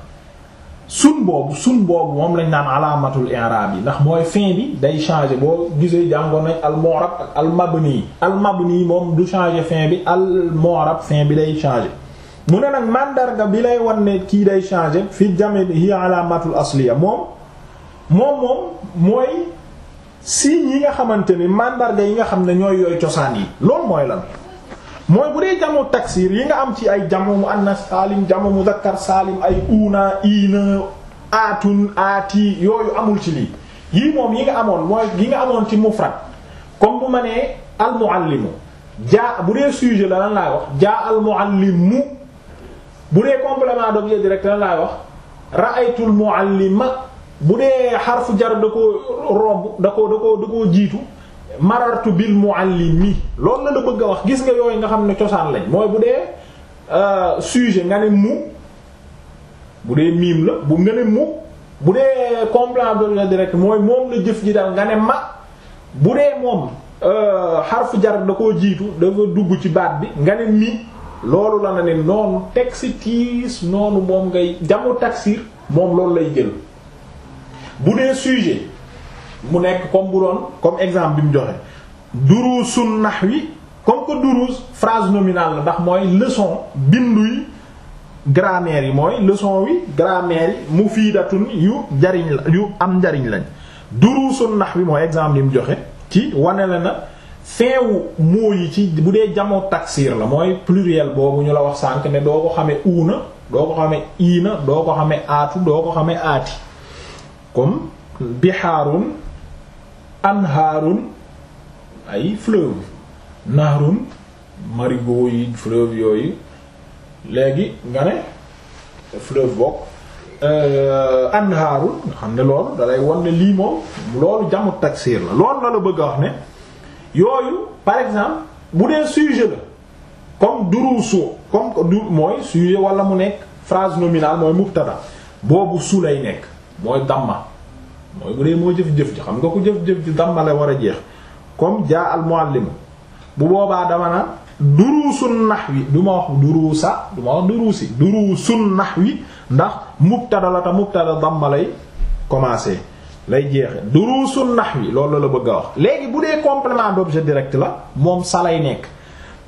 Speaker 1: sun boobu sun boobu moom lañ naan alaamatul i'rab yi ndax mooy fin bi day changer boo gisee jàngoon nañ al mu'rab ak al mabni al moom du changer fin bi al mu'rab fin bi day changer mu ne nag màndarga bi lay wan ne kii day changer fi jame hi alaamatul asliya moom moom moom mooy signes yi nga xamante ni mandarga yi nga xam ne ñooy yooy cosaan yi loolu mooy lan mooy bu dee jamu taksir yi nga am ci ay jamu mu annas saalim jamu muzakkar saalim ay una ina atun aati yooyu amul ci lii yii moom yi nga amoon mooy yi nga amoon ci mufrad comme bu ma nee al muallimu jaa bu dee sujet la lan wax jaa al bu dee complément d'objet direct lan laay wax ra'aytul muallima bu dee xarfu jar da ko romb da ko da ko da ko jiitu marartu bil muallimi loolu la la bëgg a wax gis nga yooyu nga xam ne cosaan lañ mooy bu dee euh, sujet nga ne mu bu dee miim la bu nga ne mu bu dee complément la direct mooy moom la jëf ji daal nga ne ma bu dee moom euh, xarfu jar da koo jiitu dafa dugg ci baat bi nga ne mi loolu la na ne noonu taksitis noonu moom ngay jamu taksir moom loolu lay jël bu dee sujet mu nekk comme bu doon comme exemple bi mu joxe duruusun nahwi comme que duruus phrase nominale la ndax mooy leçon bindu yi grammaire yi mooy leçon wi grammaire yi mufiidatun yu jariñ la yu am njariñ lañ nax nahwi mooy exemple bi mu joxe ci wane la na feewu moo yi ci bu dee jamoo taksiir la mooy pluriel boobu ñu la wax sànk ne doo ko xamee uuna doo ko xamee iina doo ko xamee aatu doo ko xamee aati comme bihaarun anhaarun ay fleuve naharun marigot yi fleuve yooyu léegi nga ne fleuve bokk euh, anhaarun nga xam ne loolu dalay wan ne lii moom loolu jamu taksiir la loolu la la bëgg a wax ne yooyu par exemple bu dee sujet la comme duruusu comme du mooy sujet wala mu nekk phrase nominale mooy mubtada boobu su lay nekk mooy damma mooy bu dee moo jëf-jëf ji xam nga ko jëf-jëf ji dammale war a jeex comme jaa al muallim bu boobaa dama na duruusun nahwi du ma wax duruusa du ma wax duruusi duruusun wi ndax mubtada la ta mubtada dammalay commencé lay jeexe duruusun wi loolu la bëgg a wax léegi bu dee complément d'objet direct la moom sa lay nekk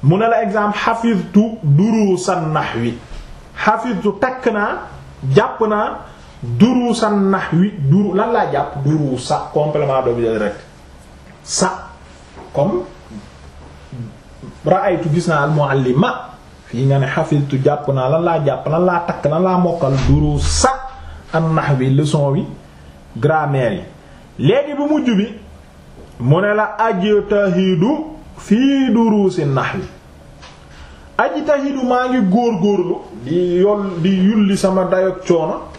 Speaker 1: mu ne la exemple xafidtu duruusan wi xafidtu takk naa jàpp naa duruusa nahwi duru lan laa jàpp duruusa complément sa comme ra'aytu gis naa al muallima fii nga ne xafiltu jàpp naa lan laa jàpp lan laa takk lan laa mokkal duruusa an nahwi leçon bi grammaire yi léegi bu mujj bi mu ne la ajtahidu fii duruusi nahwi ajtahidu maa ngi góorgóorlu di yol di yulli sama dayok coono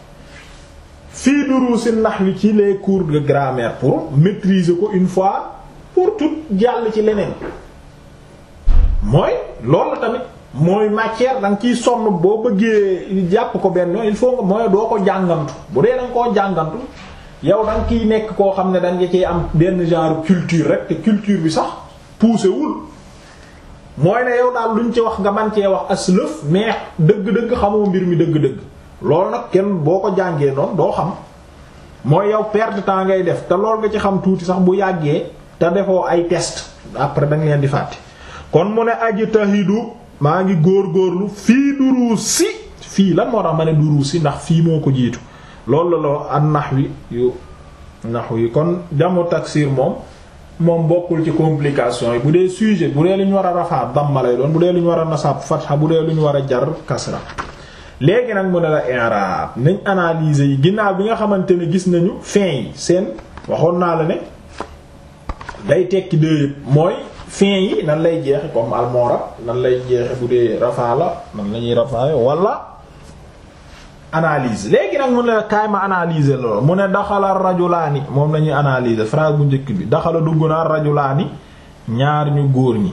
Speaker 1: fii nax nahwi ci les cours de grammaire pour maîtriser ko une fois pour tout jàll ci leneen mooy loolu tamit mooy matière da nga ciy sonn boo bëggee jàpp ko benn il faut mooy doo ko jàngantu bu dee da koo jàngantu yow da kiy nekk koo xam ne da nga ciy am benn genre culture rek te culture bi sax poussé wul mooy ne yow daal luñ ci wax nga man cee wax aslëf mais dëgg-dëgg xamoo mbir mi dëgg-dëgg loolu nag kenn boo ko jàngee noonu doo xam mooy yow perte temps ngay def te lool nga ci xam tuuti sax bu yàggee te defoo ay test après da nga leen di fàtte kon mu ne aji tahidu maa ngi góor góorgóorlu fii duru si fii lan moo a ma ne duru si ndax fii moo ko jiitu loolu la loo an nax wi yu nax wi kon jamu taksir moom moom bokkul ci complication yi bu dee sujet bu dee lu ñu war a rafaa damma lay doon bu dee lu ñu war a nasab fatha bu dee lu ñu war a jar kasra léegi nag mu ne la i'rab nañ analise yi ginnaaw bi nga xamante ne gis nañu fin yi seen waxoon naa la ne day tekki de mooy fin yi nan lay jeexe comme almorab nan lay jeexe bu dee rafaa la nan la ñuy rafaa walla analyse léegi nag mu ne la kaay ma analyser loolu mu ne daxala rajulaani moom la ñuy analyser phrase bu njëkk bi daxala dugg naa rajulaani ñaar ñu góor ñi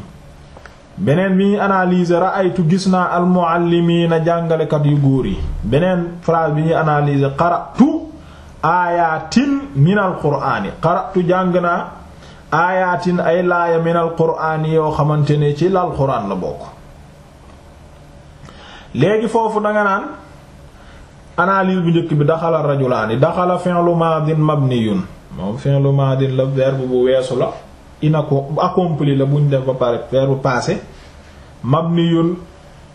Speaker 1: beneen bi ñuy analyser ra'aytu gis naa almuallimiina jàngalekat yu góor yi beneen phrase bi ñuy analyser qara'tu aayatin min alqur'aani qara'tu jàng naa aayatin ay laaya min alqur'aani yoo xamante ne ci lal qur'aan la bokk léegi foofu danga naan analyse bu njëkk bi daxala rajulaani daxala fi'lu maadin mabniyun moom fi'lu maadin la verbe bu weesu la inako accompli la buñ def ba pare verbe passé mabniyun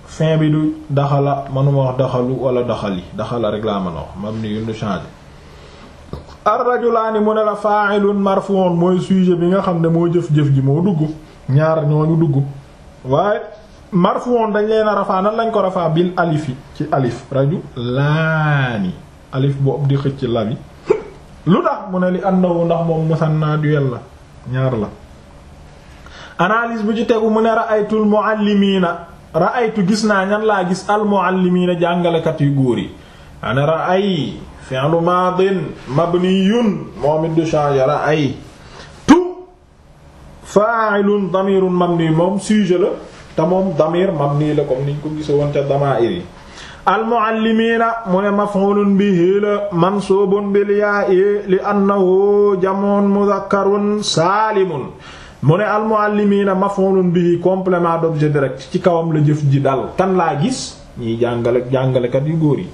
Speaker 1: fin bi du daxala manuma wax daxalu wala daxali daxala rek laa mën a wax mabniyun du changer ar-rajulaani mu ne la fa'ilun marfu'un mooy sujet bi nga xam ne moo jëf-jëf ji moo dugg ñaar ñooñu dugg waaye marfu'un dañ leen a lañ ko rafaa bil alifi ci alif rajulaani alif boobu di xëcc la bi lu tax mu ne li annahu ndax moom musanna duel la ñaar la analyse bu ci tegu mu ne ra'aytul muallimiina ra'aytu gis naa ñan laa gis al muallimiina jàngalekat yu góor yi ana ra'ay fi'lu maadin mabniyun moom it du changer ra'ay tu fa'ilun damirun mabni moom sujet la te moom damir mabni la comme niñ ko gisoon ca damaa'ir yi almuallimiina mu ne maf'ulun bihi la mansuubun bil yaa'i li annahu jam'un mudhakkarun saalimun mu ne almuallimiina maf'ulun bihi complément d'objet direct ci kawam la jëf ji dal kan laa gis ñiy jàngale jàngalekat yu góor yi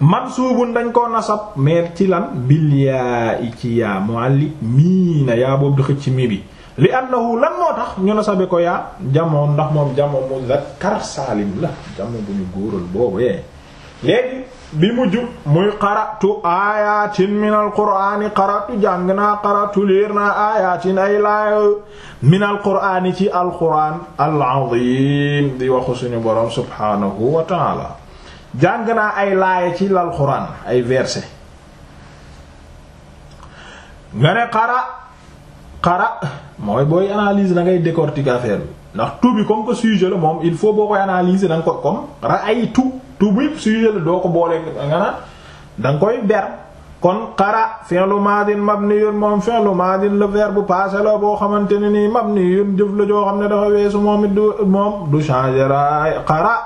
Speaker 1: mansuubun dañ koo nasab mais ci lan bil yaa'i ci yaa muallimiina yaa boobu xëcc mi bi li annahu lan moo tax ñu nasabe ko yaa jamoon ndax moom jamo muzakkar saalim la jamo bu ñu góoral boobu yee léegi bi mu jub muy qaratu ayatin min alqur'ani qaratu jàng naa qaratu liir naa ayatin ay laayo min alqur'ani ci alqur'an alazim di waxu suñu borom subhanahu wa taala jàng naa ay laaya ci alqur'an ay verset nga ne qara qara mooy booy analyse da ngay décortiquer affaire bi ndax tout bi comme que la moom il faut boo koy analyser da nga ko comme ra'aytu tout bi sujet la doo ko boolee nga naan da nga koy ber kon qara fi'lu madin mabniyun moom fi'lu madin le verbe bu passé la boo xamante ne nii mabniyun jëf la joo xam ne dafa weesu moom it du moom du changer qara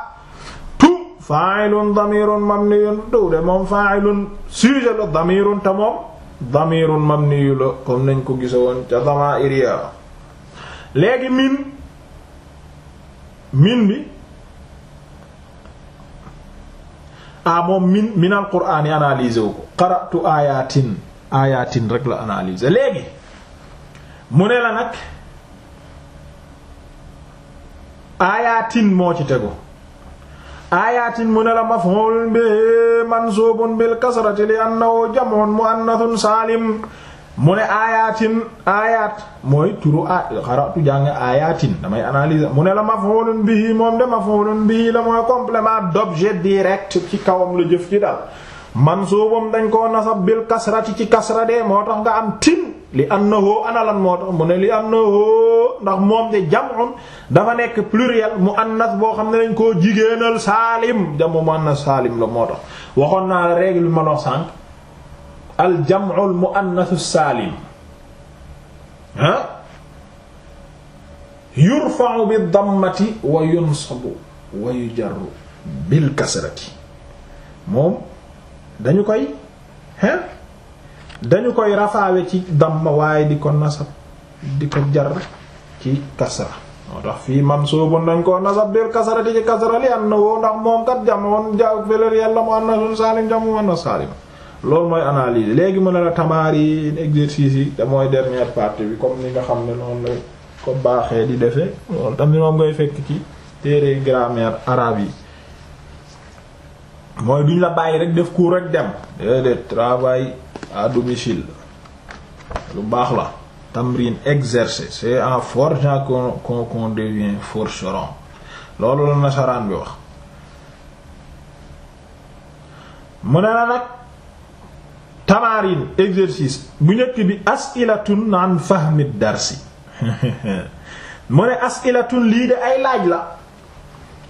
Speaker 1: tout fa'ilun damirun mabniyun du de moom fa'ilun sujet la damirun te moom damirun mabniyu la comme nañ ko gisa woon ca dama iria léegi min min bi a moom min min al quraan yi ko qara'tu ayatin ayatin rek la analyser léegi mu ne la nag ayatin moo ci tego aayaatin mu ne la maf'ulun bihi mansuubun bil kasrati li annahu jam'un muannathun saalim mu ne aayaatin aayaat mooy turu a xaratu jàng aayaatin damay analyser mu ne la maf'ulun bihi moom de maf'ulun bihi la mooy complément d'objet direct ci kawam la jëf ci daal mansuubum dañ koo nasab bil kasrati ci kasra de moo tax nga am tin li annahu ana lan moo tax mu ne li annahu ndax moom de jam'un dafa nekk pluriel mu annas boo xam ne dañ koo jigéenal saalim jamu mu annas saalim la moo tax waxoon naa la règle bi ma dox sànq al jam'ul mu annasu saalim ah yurfa'u bi dammati wa yunsabu wa yujarru bil kasrati moom dañu koy hein dañu koy rafaawe ci damma waaye di ko nasab di ko jar ci kasra moo tax fii mansubun dañ ko nasab bil kasrati ci kasra li am na woo ndax moom kat jamoon ja jam mu am na saalim léegi mën yi exercice mooy dernière partie bi comme ni nga xam ne noonu la di defee loolu moom ngay fekk ci téere grammaire arabe yi mooy duñ la bàyyi rek def cours rek dem déedéet travail à lu baax la tamrin exercer c'est en forgeant qu'on qu'on devient forgeron loolu la nasaraan bi wax mu ne la nag tamarin exercice bu njëkk bi as'ilatun naan fahmi darsi mu ne as'ilatun lii de ay laaj la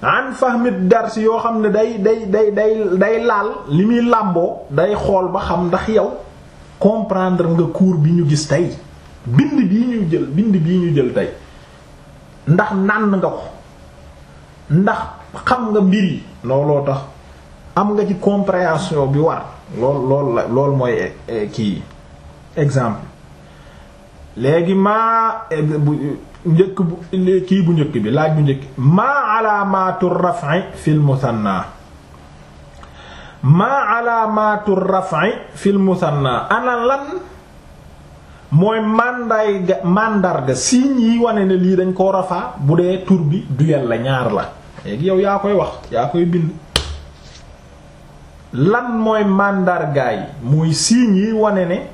Speaker 1: an fahmid darsi yoo xam ne day day day day day laal li muy làmboo day xool ba xam ndax yow comprendre nga cours bi ñu gis tey bind bii ñuy jël bind bii ñu jël tey ndax nànn nga ko ndax xam nga mbir yi looloo tax am nga ci compréhension bi war lool lool mooy eh, eh, kii exemple léegi maa eh, njëkk bu kii bu njëkk bi laaj bu njëkk maa alaamaatu raf'i fil musanna maa alaamaatu raf'i fil musanna ana lan mooy màndarga màndarga signe wane lii dañ koo rafaa bu dee tur bi duyal ñaar la yow yaa koy wax yaa koy bind lan mooy màndargaay yi wane ne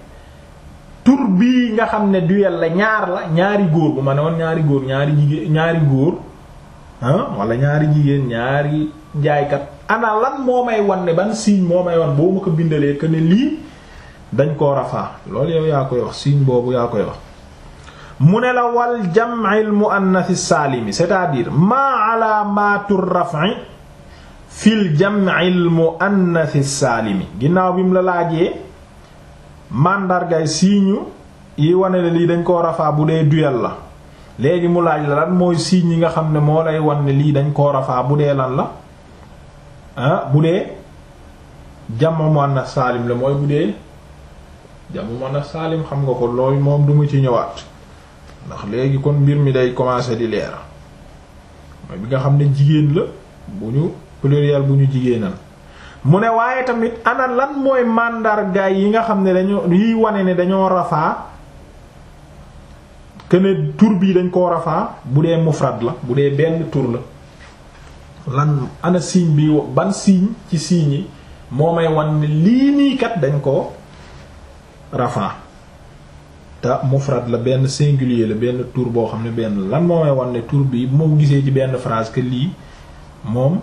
Speaker 1: tur bii nga xam ne duel la ñaar la ñaari góor bu ma ne woon ñaari góor ñaari jigéen ñaari góor ah, walla ñaari jigéen ñaari jaaykat ana lan moo may wan ne ban signe moo may wan boo ma ko bindalee que ne lii dañ koo rafaa lool yow yaa koy wax signe boobu yaa koy wax mu ne la wal jam'il muannath saalimi c'est-à-dire maa alaamatu raf'i fil jam'il muannath saalimi ginnaaw bi mu la laajee màndargaay siiñu yi wane ne lii dañ koo rafaa bu dee duyal la léegi mu laaj la lan mooy signe yi nga xam ne moo lay wan ne lii dañ koo rafaa bu dee lan la ah bu dee jamu muannas saalim la mooy bu dee jamu muannas saalim xam nga ko loolu moom du mu ci ñëwaat ndax léegi kon mbir mi day commencer di leer mooy bi nga xam ne jigéen la bu ñu pluriel bu ñu jigéenal mu ne waaye tamit ana lan mooy màndargaay yi nga xam ne dañoo yiy wane ne dañoo rafaa kene tur bii dañ koo rafaa bu dee mufrad la bu dee benn tur la lan ana signe bi ban signe ci signe yi moo may wan ne lii nii kat dañ koo rafaa te mufrad la benn singulier la benn tur boo xam ne benn lan moo may wan ne tur bii moo gisee ci benn phrase que lii moom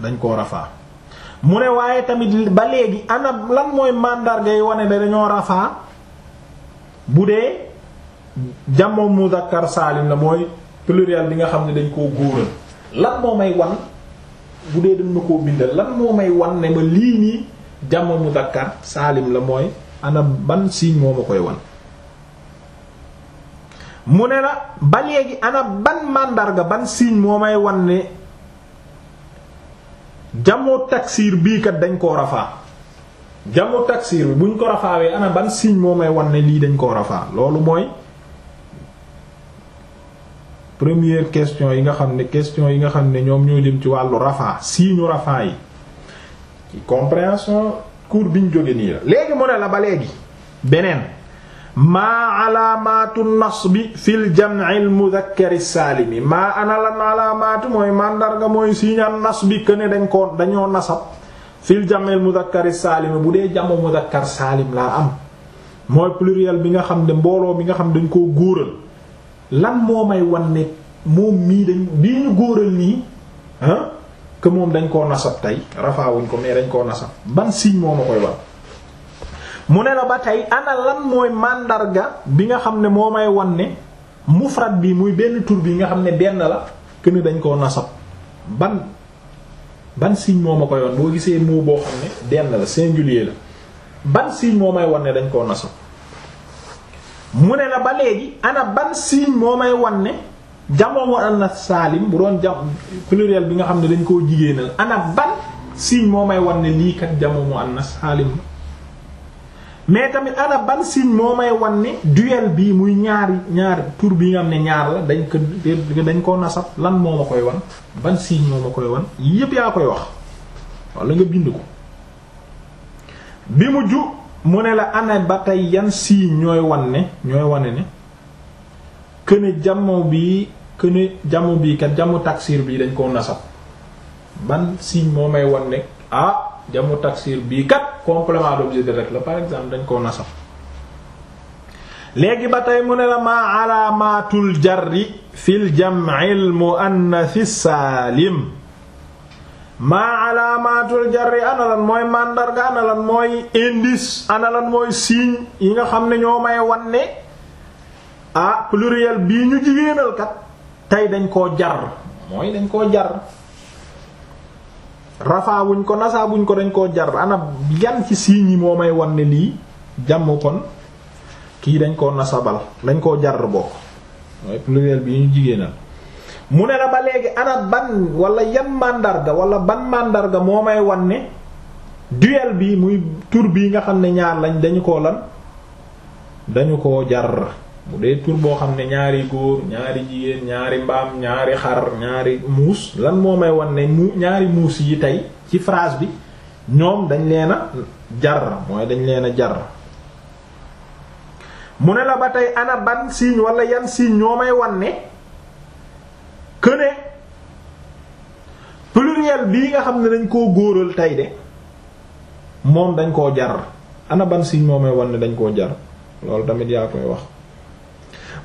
Speaker 1: dañ koo rafaa mu ne waaye tamit ba léegi ana lan mooy màndargay wane ne dañoo rafaa bu dee jamo muzakkar saalim la mooy pluriel bi nga xam ne dañ koo góoral lan moo may wan bu dee dañ ma koo bindal lan moo may wan ne ma lii nii jamo muzakkar saalim la mooy ana ban signe moo ma koy wan mu ne na ba léegi ana ban màndarga ban signe moo may wan ne jamoo taksiir bii kat dañ koo rafaa jamoo taksiir bi buñ ko rafaawee ana ban signe moo may wan ne lii dañ koo rafaa loolu mooy première question yi nga xam ne question yi nga xam ne ñoom ñoo jëm ci wàllu rafaa signe rafaa yi ci compréhension cours biñ jóge nii la léegi mu ne la ba léegi beneen maa alaamaatu bi fil jam'i al mudhakkari saalimi maa ana lan alaamaatu mooy màndarga mooy siñaan nasbi këne dañ koo dañoo nasab fil jam'i al mudhakkari saalimi bu dee jamu mudhakkar saalim laa am mooy pluriel bi nga xam ne mbooloo bi nga xam dañ koo góoral lan moo may wan ne moom mii dañ bii ñu góoral nii ah que moom dañ koo nasab tey rafaawuñ ko mais dañ koo nasab ban signe moo ma koy wan mu ne la ba tey ana lan mooy màndarga bi nga xam ne moo may wan ne mufrad bi muy benn tur bi nga xam ne benn la këni dañ koo nasab ban ban signe moo ma boo gisee mot boo xam ban signe moo may wan ne dañ koo nasab mu ne la ba léegi ana ban signe moo may wan ne jamoo mu saalim bu doon jam pluriel bi nga xam ne dañ koo jigéenal ana ban signe lii kat mais tamit ana ban signe moo may wan ne duel bii muy ñaari ñaari tur bi nga xam ne ñaar la dañ ko dañ ko nasab lan moo a koy wan ban signe moo a koy wan yépp yaa koy wax walla nga bind ko bi mujj mu ne la ana ba tey yan signe ñooy wan ne ñooy wane ne këne jamo bi këne jamo bii kat jamo taksir bii dañ ko nasab ban signe moo may wan ne ah jamu taksir bii kat complément d'objet direct la par exemple dañ koo nasab léegi ba tey mu ne la maa alaamaatul jarri fil jam'il muannathi saalim maa alaamaatul jarri analan mooy màndarga analan mooy indice analan mooy signe yi nga xam ne ñoo may wan ne ah pluriel bii ñu jigéenal kat tey dañ koo jar mooy dañ koo jar rafaa wuñ ko nasaa buñ ko dañ koo jar ana yan ci siiñ yi moo may wan ne lii jàmm kon kii dañ koo nasabal dañ koo jar bokk mooy pluriel bi ñu jigéenal mu ne la ba léegi ana ban walla yan màndarga wala ban màndarga moo may wan ne duel bi muy tur bii nga xam ne ñaar lañ dañu koo lan dañu ko jar bu dee tur boo xam ne ñaari góor ñaari jigéen ñaari mbaam ñaari xar ñaari muus lan moo may wan ne ñu ñaari muus yi tey ci phrase bi ñoom dañ leen a jar mooy dañ leen a jar mu ne la ba tey ana ban signe wala yan signe ñoo may wan ne que ne pluriel bii nga xam ne dañ koo góoral tey de moom dañ koo jar ana ban signe moo may wan ne dañ koo jar loolu tamit yaa koy wax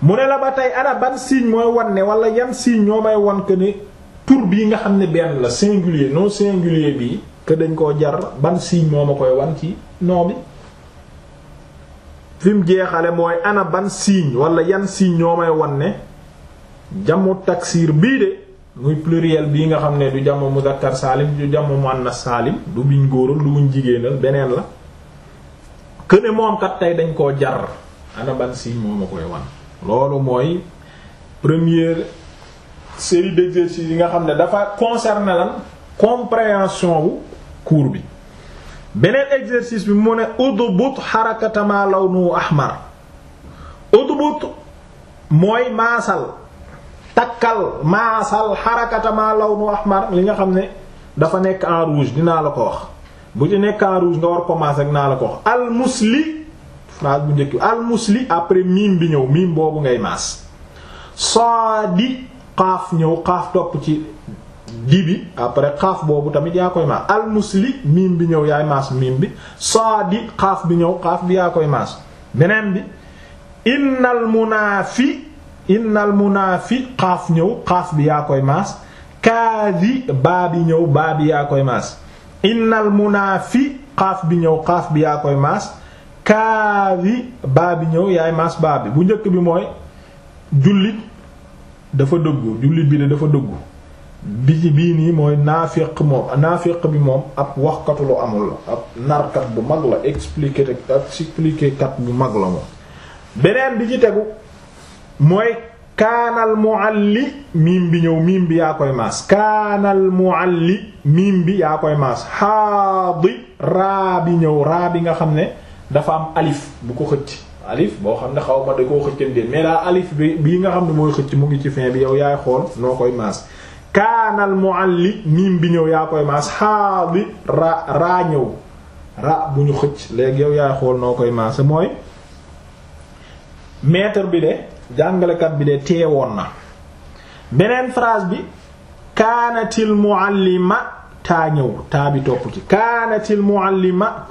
Speaker 1: mu ne la ba tey ana ban signe mooy wan ne wala yan signe ñoo may wan que ne tur bii nga xam ne benn la singulier non singulier bii que dañ koo jar ban signe moo ma koy wan ci nom bi fi mu jeexale mooy ana ban signe wala yan signe ñoo may wan ne jamu taksiir bii de muy pluriel bii nga xam ne du jamu muzakkar saalim du jamu muannas saalim du buñ góoral du buñ jigéenal beneen la que ne moom kat tey dañ koo jar ana ban signe moo ma koy wan loolu mooy première série d'exercices yi nga xam ne dafa concerner lan compréhension wu cours bi beneen exercice bi mu ne udbut harakata ma lawnu ahmar udbut mooy maasal takkal maasal harakata ma lawnu ahmar li nga xam ne dafa nekk en rouge dinaa la ko wax bu ci nekk en rouge nga war commencer ak naa la ko wax maas bu njëkk al après miim bi ñëw miim boobu ngay maas saadi xaaf ñëw xaaf topp ci di bi après xaaf boobu tamit yaa koy maas al miim bi ñëw yaay maas miim bi saadi xaaf bi ñëw xaaf bi yaa koy maas beneen bi innal munaafi innal munaafi xaaf ñëw xaaf bi yaa koy baa bi ñëw baa bi xaaf bi ñëw xaaf bi yaa koy maas kaabi baa bi ñëw yaay maas baa bi bu njëkk bi mooy jullit dafa dëggu jullit bi de dafa dëggu bi nii mooy naafiq moom naafiq bi moom ab waxkatu lu amul la ab narkat bu mag la expliquer ak kat bu mag la moom beneen bi ci tegu mooy kaanal mualli miim bi ñëw miim bi yaa koy maas kaanal mualli miim bi yaa koy maas haadi raa bi ñëw raa bi nga xam ne dafa am alif bu ko xëcc alif boo xam ne xaw ma da koo xëccandéet mais daa alif bi bii nga xam ne mooy xëcc mu ngi ci fin bi yow yaay xool noo koy maas kaanal mualli niim bi ñëw yaa koy maas xaadi bu ñu xëcc léegi yow yaay xool noo koy maas mooy maître bi de jàngalekat bi de teewoon na beneen phrase bi kaanatil muallima taa ñëw taa bi topp ci kaanatil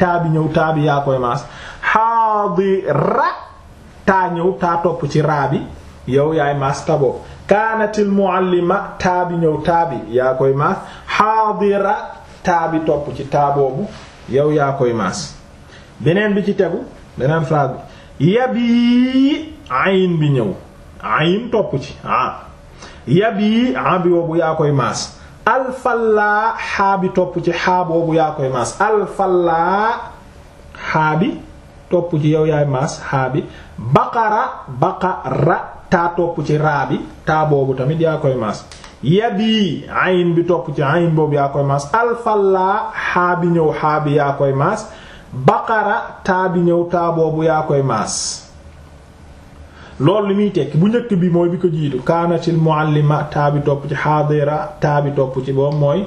Speaker 1: taa bi ñëw taa bi yaa koy maas xaadira taa ñëw taa topp ci raa yow yaay maas tabo kaanatil muallima taa bi ñëw taa bi yaa koy maas xaadira taa bi topp ci taa boobu yow yaa koy maas beneen bi ci tegu beneen phrase bi ñëw ayin topp ci yaa koy maas alfallaa xaa bi topp ci xaa boobu yaa koy maas alfallaa xaa bi topp ci yow yaay maas xaa baqara baqara taa topp ci raa bi taa boobu tamit yaa koy maas yabi ayin bi topp ci ayin boobu yaa koy maas alfallaa xaa ñëw xaa yaa koy maas baqara taa ñëw taa yaa koy maas lool li muy tekki bu njëkk bi mooy bi ko jiitu kaanatil muallima taabi topp ci xaadira taabi topp ci boobu mooy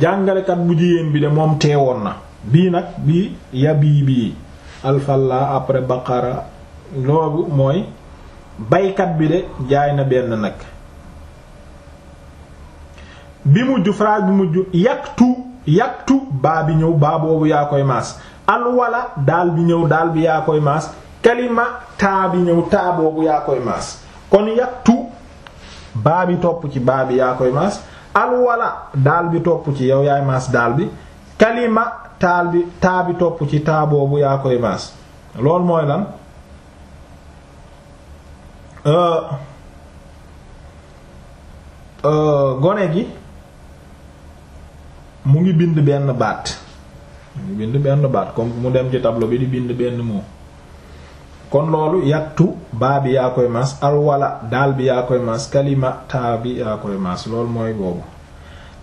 Speaker 1: jàngalekat bu jigéen bi de moom teewoon na bii nag bi yabii bii après baqara loolu mooy baykat bi de jaay na benn nag bi mujj phrase bi mujj yaktu yaktu baa bi ñëw baa boobu yaa koy maas alwala daal bi ñëw daal bi yaa koy maas kalima taa bi ñëw taaboo bu yaa koy maas kon yattu baa bi topp ci baa bi yaa koy maas alwala daal bi topp ci yow yaay maas daal bi kalima taal bi topp ci taaboo bu yaa koy maas loolu mooy lan euh, euh, gone gi mu ngi bind benn baat mu ngi bind benn baat comme mu dem ci tableau bi di bind benn mot kon loolu yattu baa bi yaa koy maas alwala daal bi yaa koy maas kalima taa bi yaa koy maas loolu mooy boobu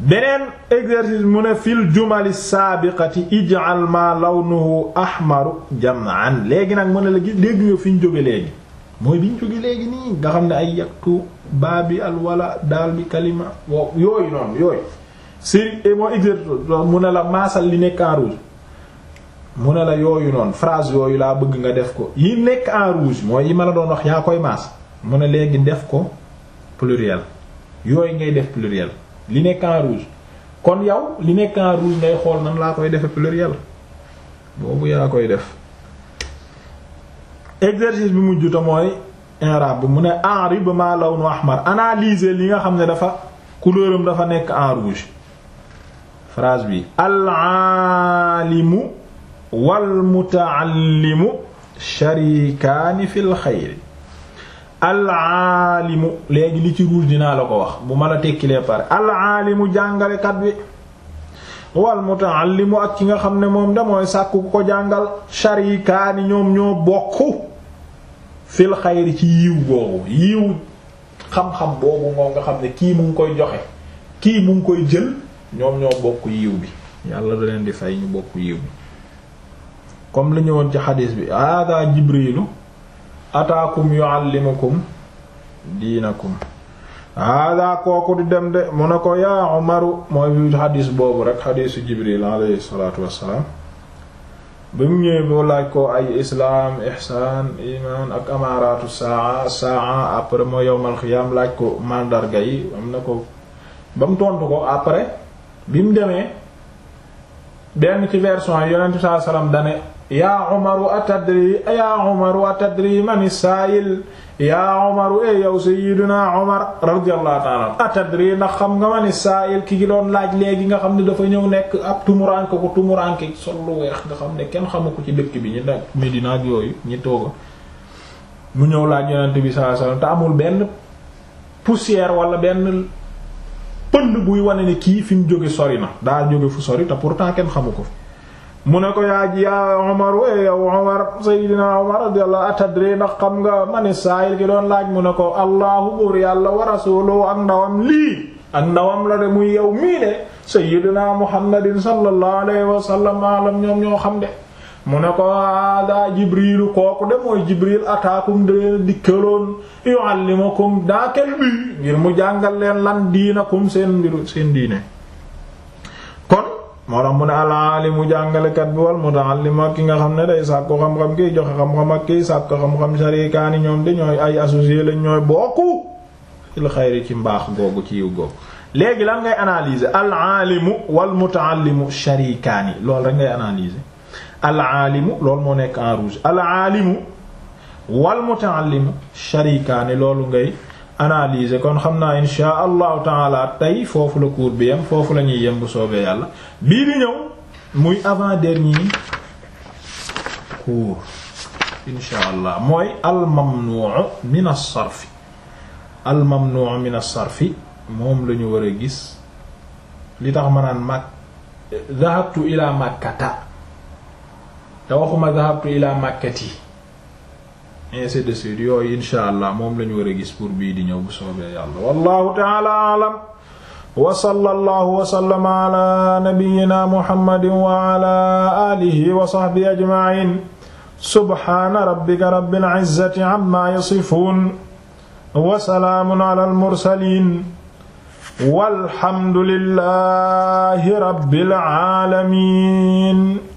Speaker 1: beneen exercice mu ne fil jumali saabiqati ij'al ma lawnuhu ahmaru jam'an léegi nag mu ne la gis dégg fi ñu jóge léegi mooy bi ñu léegi nii nga xam ne ay yattu baa bi alwala daal bi kalima yooyu noonu yooyu série eh, mooy exercice mu ne la maasal li nekk en mu ne la yooyu noonu phrase yooyu laa bëgg nga def ko yi nekk en rouge mooy yi ma la doon wax yaa koy maas mu ne léegi def ko pluriel yooyu ngay def pluriel li nekk en rouge kon yow li nekk en rouge ngay xool na laa koy defe pluriel boobu yaa koy def exercice bi mujj ta mooy i'rab bi mu ne i'rib ma lawnu ahmar analyser li nga xam ne dafa couleuram dafa nekk en rouge phrase bi al alimu wal mutaallimu sharikaani fil xayri alaalimu léegi li ci ruus dinaa la ko wax bu ma la tekkilee pare alaalimu jàngalekat bi wal mutaallimu ak ki nga xam ne moom da mooy sàkk ku ko jàngal sharikaani ñoom ñoo bokk fil xayri ci yiw googu yiw xam-xam boobu moom nga xam ne kii mu ngi koy joxe kii mu ngi koy jël ñoom ñoo bokk yiw bi yàlla da leen di fay ñu bokk yiw comme li ñëwoon ci xadiis bi hada jibrilu ataakum yuallimukum diinakum hada kooku di dem de mu ne ko yaa umaru mooy bi xadiis boobu rek xadiisu jibril alayhi salaatu wassalaam ba mu ñëwee boo laaj ko ay islaam ihsaan iman ak amaaraatu saa saa après moo yowmal xiyaam laaj ko mandarga yi am na ko ba mu tontu ko après bi mu demee benn ci version yonentu saa salaam dane yaa umaru atadri yaa umaru atadri mani saayil yaa umaru e yow sayyiduna umar radiyallahu ta'ala atadri ndax xam nga mani saayil ki gi doon laaj léegi nga xam ne dafa ñëw nekk ak tumuranke ko tumuranke sol lu weex nga xam ne kenn xamu ko ci dëkk bi ñu nekk Medina yooyu ñi tooga mu ñëw laaj yonent bi sallallahu alayhi te amul benn poussière wala benn pënd buy wane ne kii fi mu jóge sori na daa jóge fu sori te pourtant kenn xamu ko mu ne ko yaa ji yaa Omar we yow Omar Seydina Omar radiyallahu atadri ndax xam nga mani saayil ki doon laaj mu ne ko allahu buur yàlla wa rasuluhu ak ndawam lii ak la de muy yow mii de Seydina Muhammadin sallallahu alayhi wa sallam alam ñoom ñoo xam de mu ne ko hada jibrilu kooku de mooy jibril ataakum de dikkaloon yuallimakum daakal bi ngir mu jàngal leen lan diinakum seen mbiru seen diine moo tax mu ne alaalimu jàngalekat bi wal mutaallim ak ki nga xam ne day sàkku xam-xam kiy joxe xam-xam ak kiy sàkku xam-xam sharikaani ñoom di ñooy ay associé lañ ñooy bokku il xayri ci mbaax googu ci yiw googu léegi lan ngay analyser alaalimu wal mutaallimu sharikaani loolu rek ngay analyser alaalimu loolu moo nekk en rouge alaalimu wal mutaallimu sharikaani loolu ngay analyser kon xam naa insha allahu taala tey foofu la cours bi yem foofu la ñuy yem bu soobee yàlla bii di ñëw muy avant dernier cours insha allah mooy al mamnuu min as-sarfi al min as-sarfi moom lañu ñu war a gis li tax ma naan mag dhahabtu ila makkata te waxuma dhahabtu ila makkati ainsi de suite yooyu insha allah moom lañu war a gis pour bii di ñëw bu soobee yàlla wallahu taala alam wa sallallahu wa sallama ala nabiyyina muhammadin wa ala alihi wa sahbihi ajma'in subhana rabbika rabbil izzati amma yasifun wa salaamun ala al mursalin walhamdulillahi rabbil alamin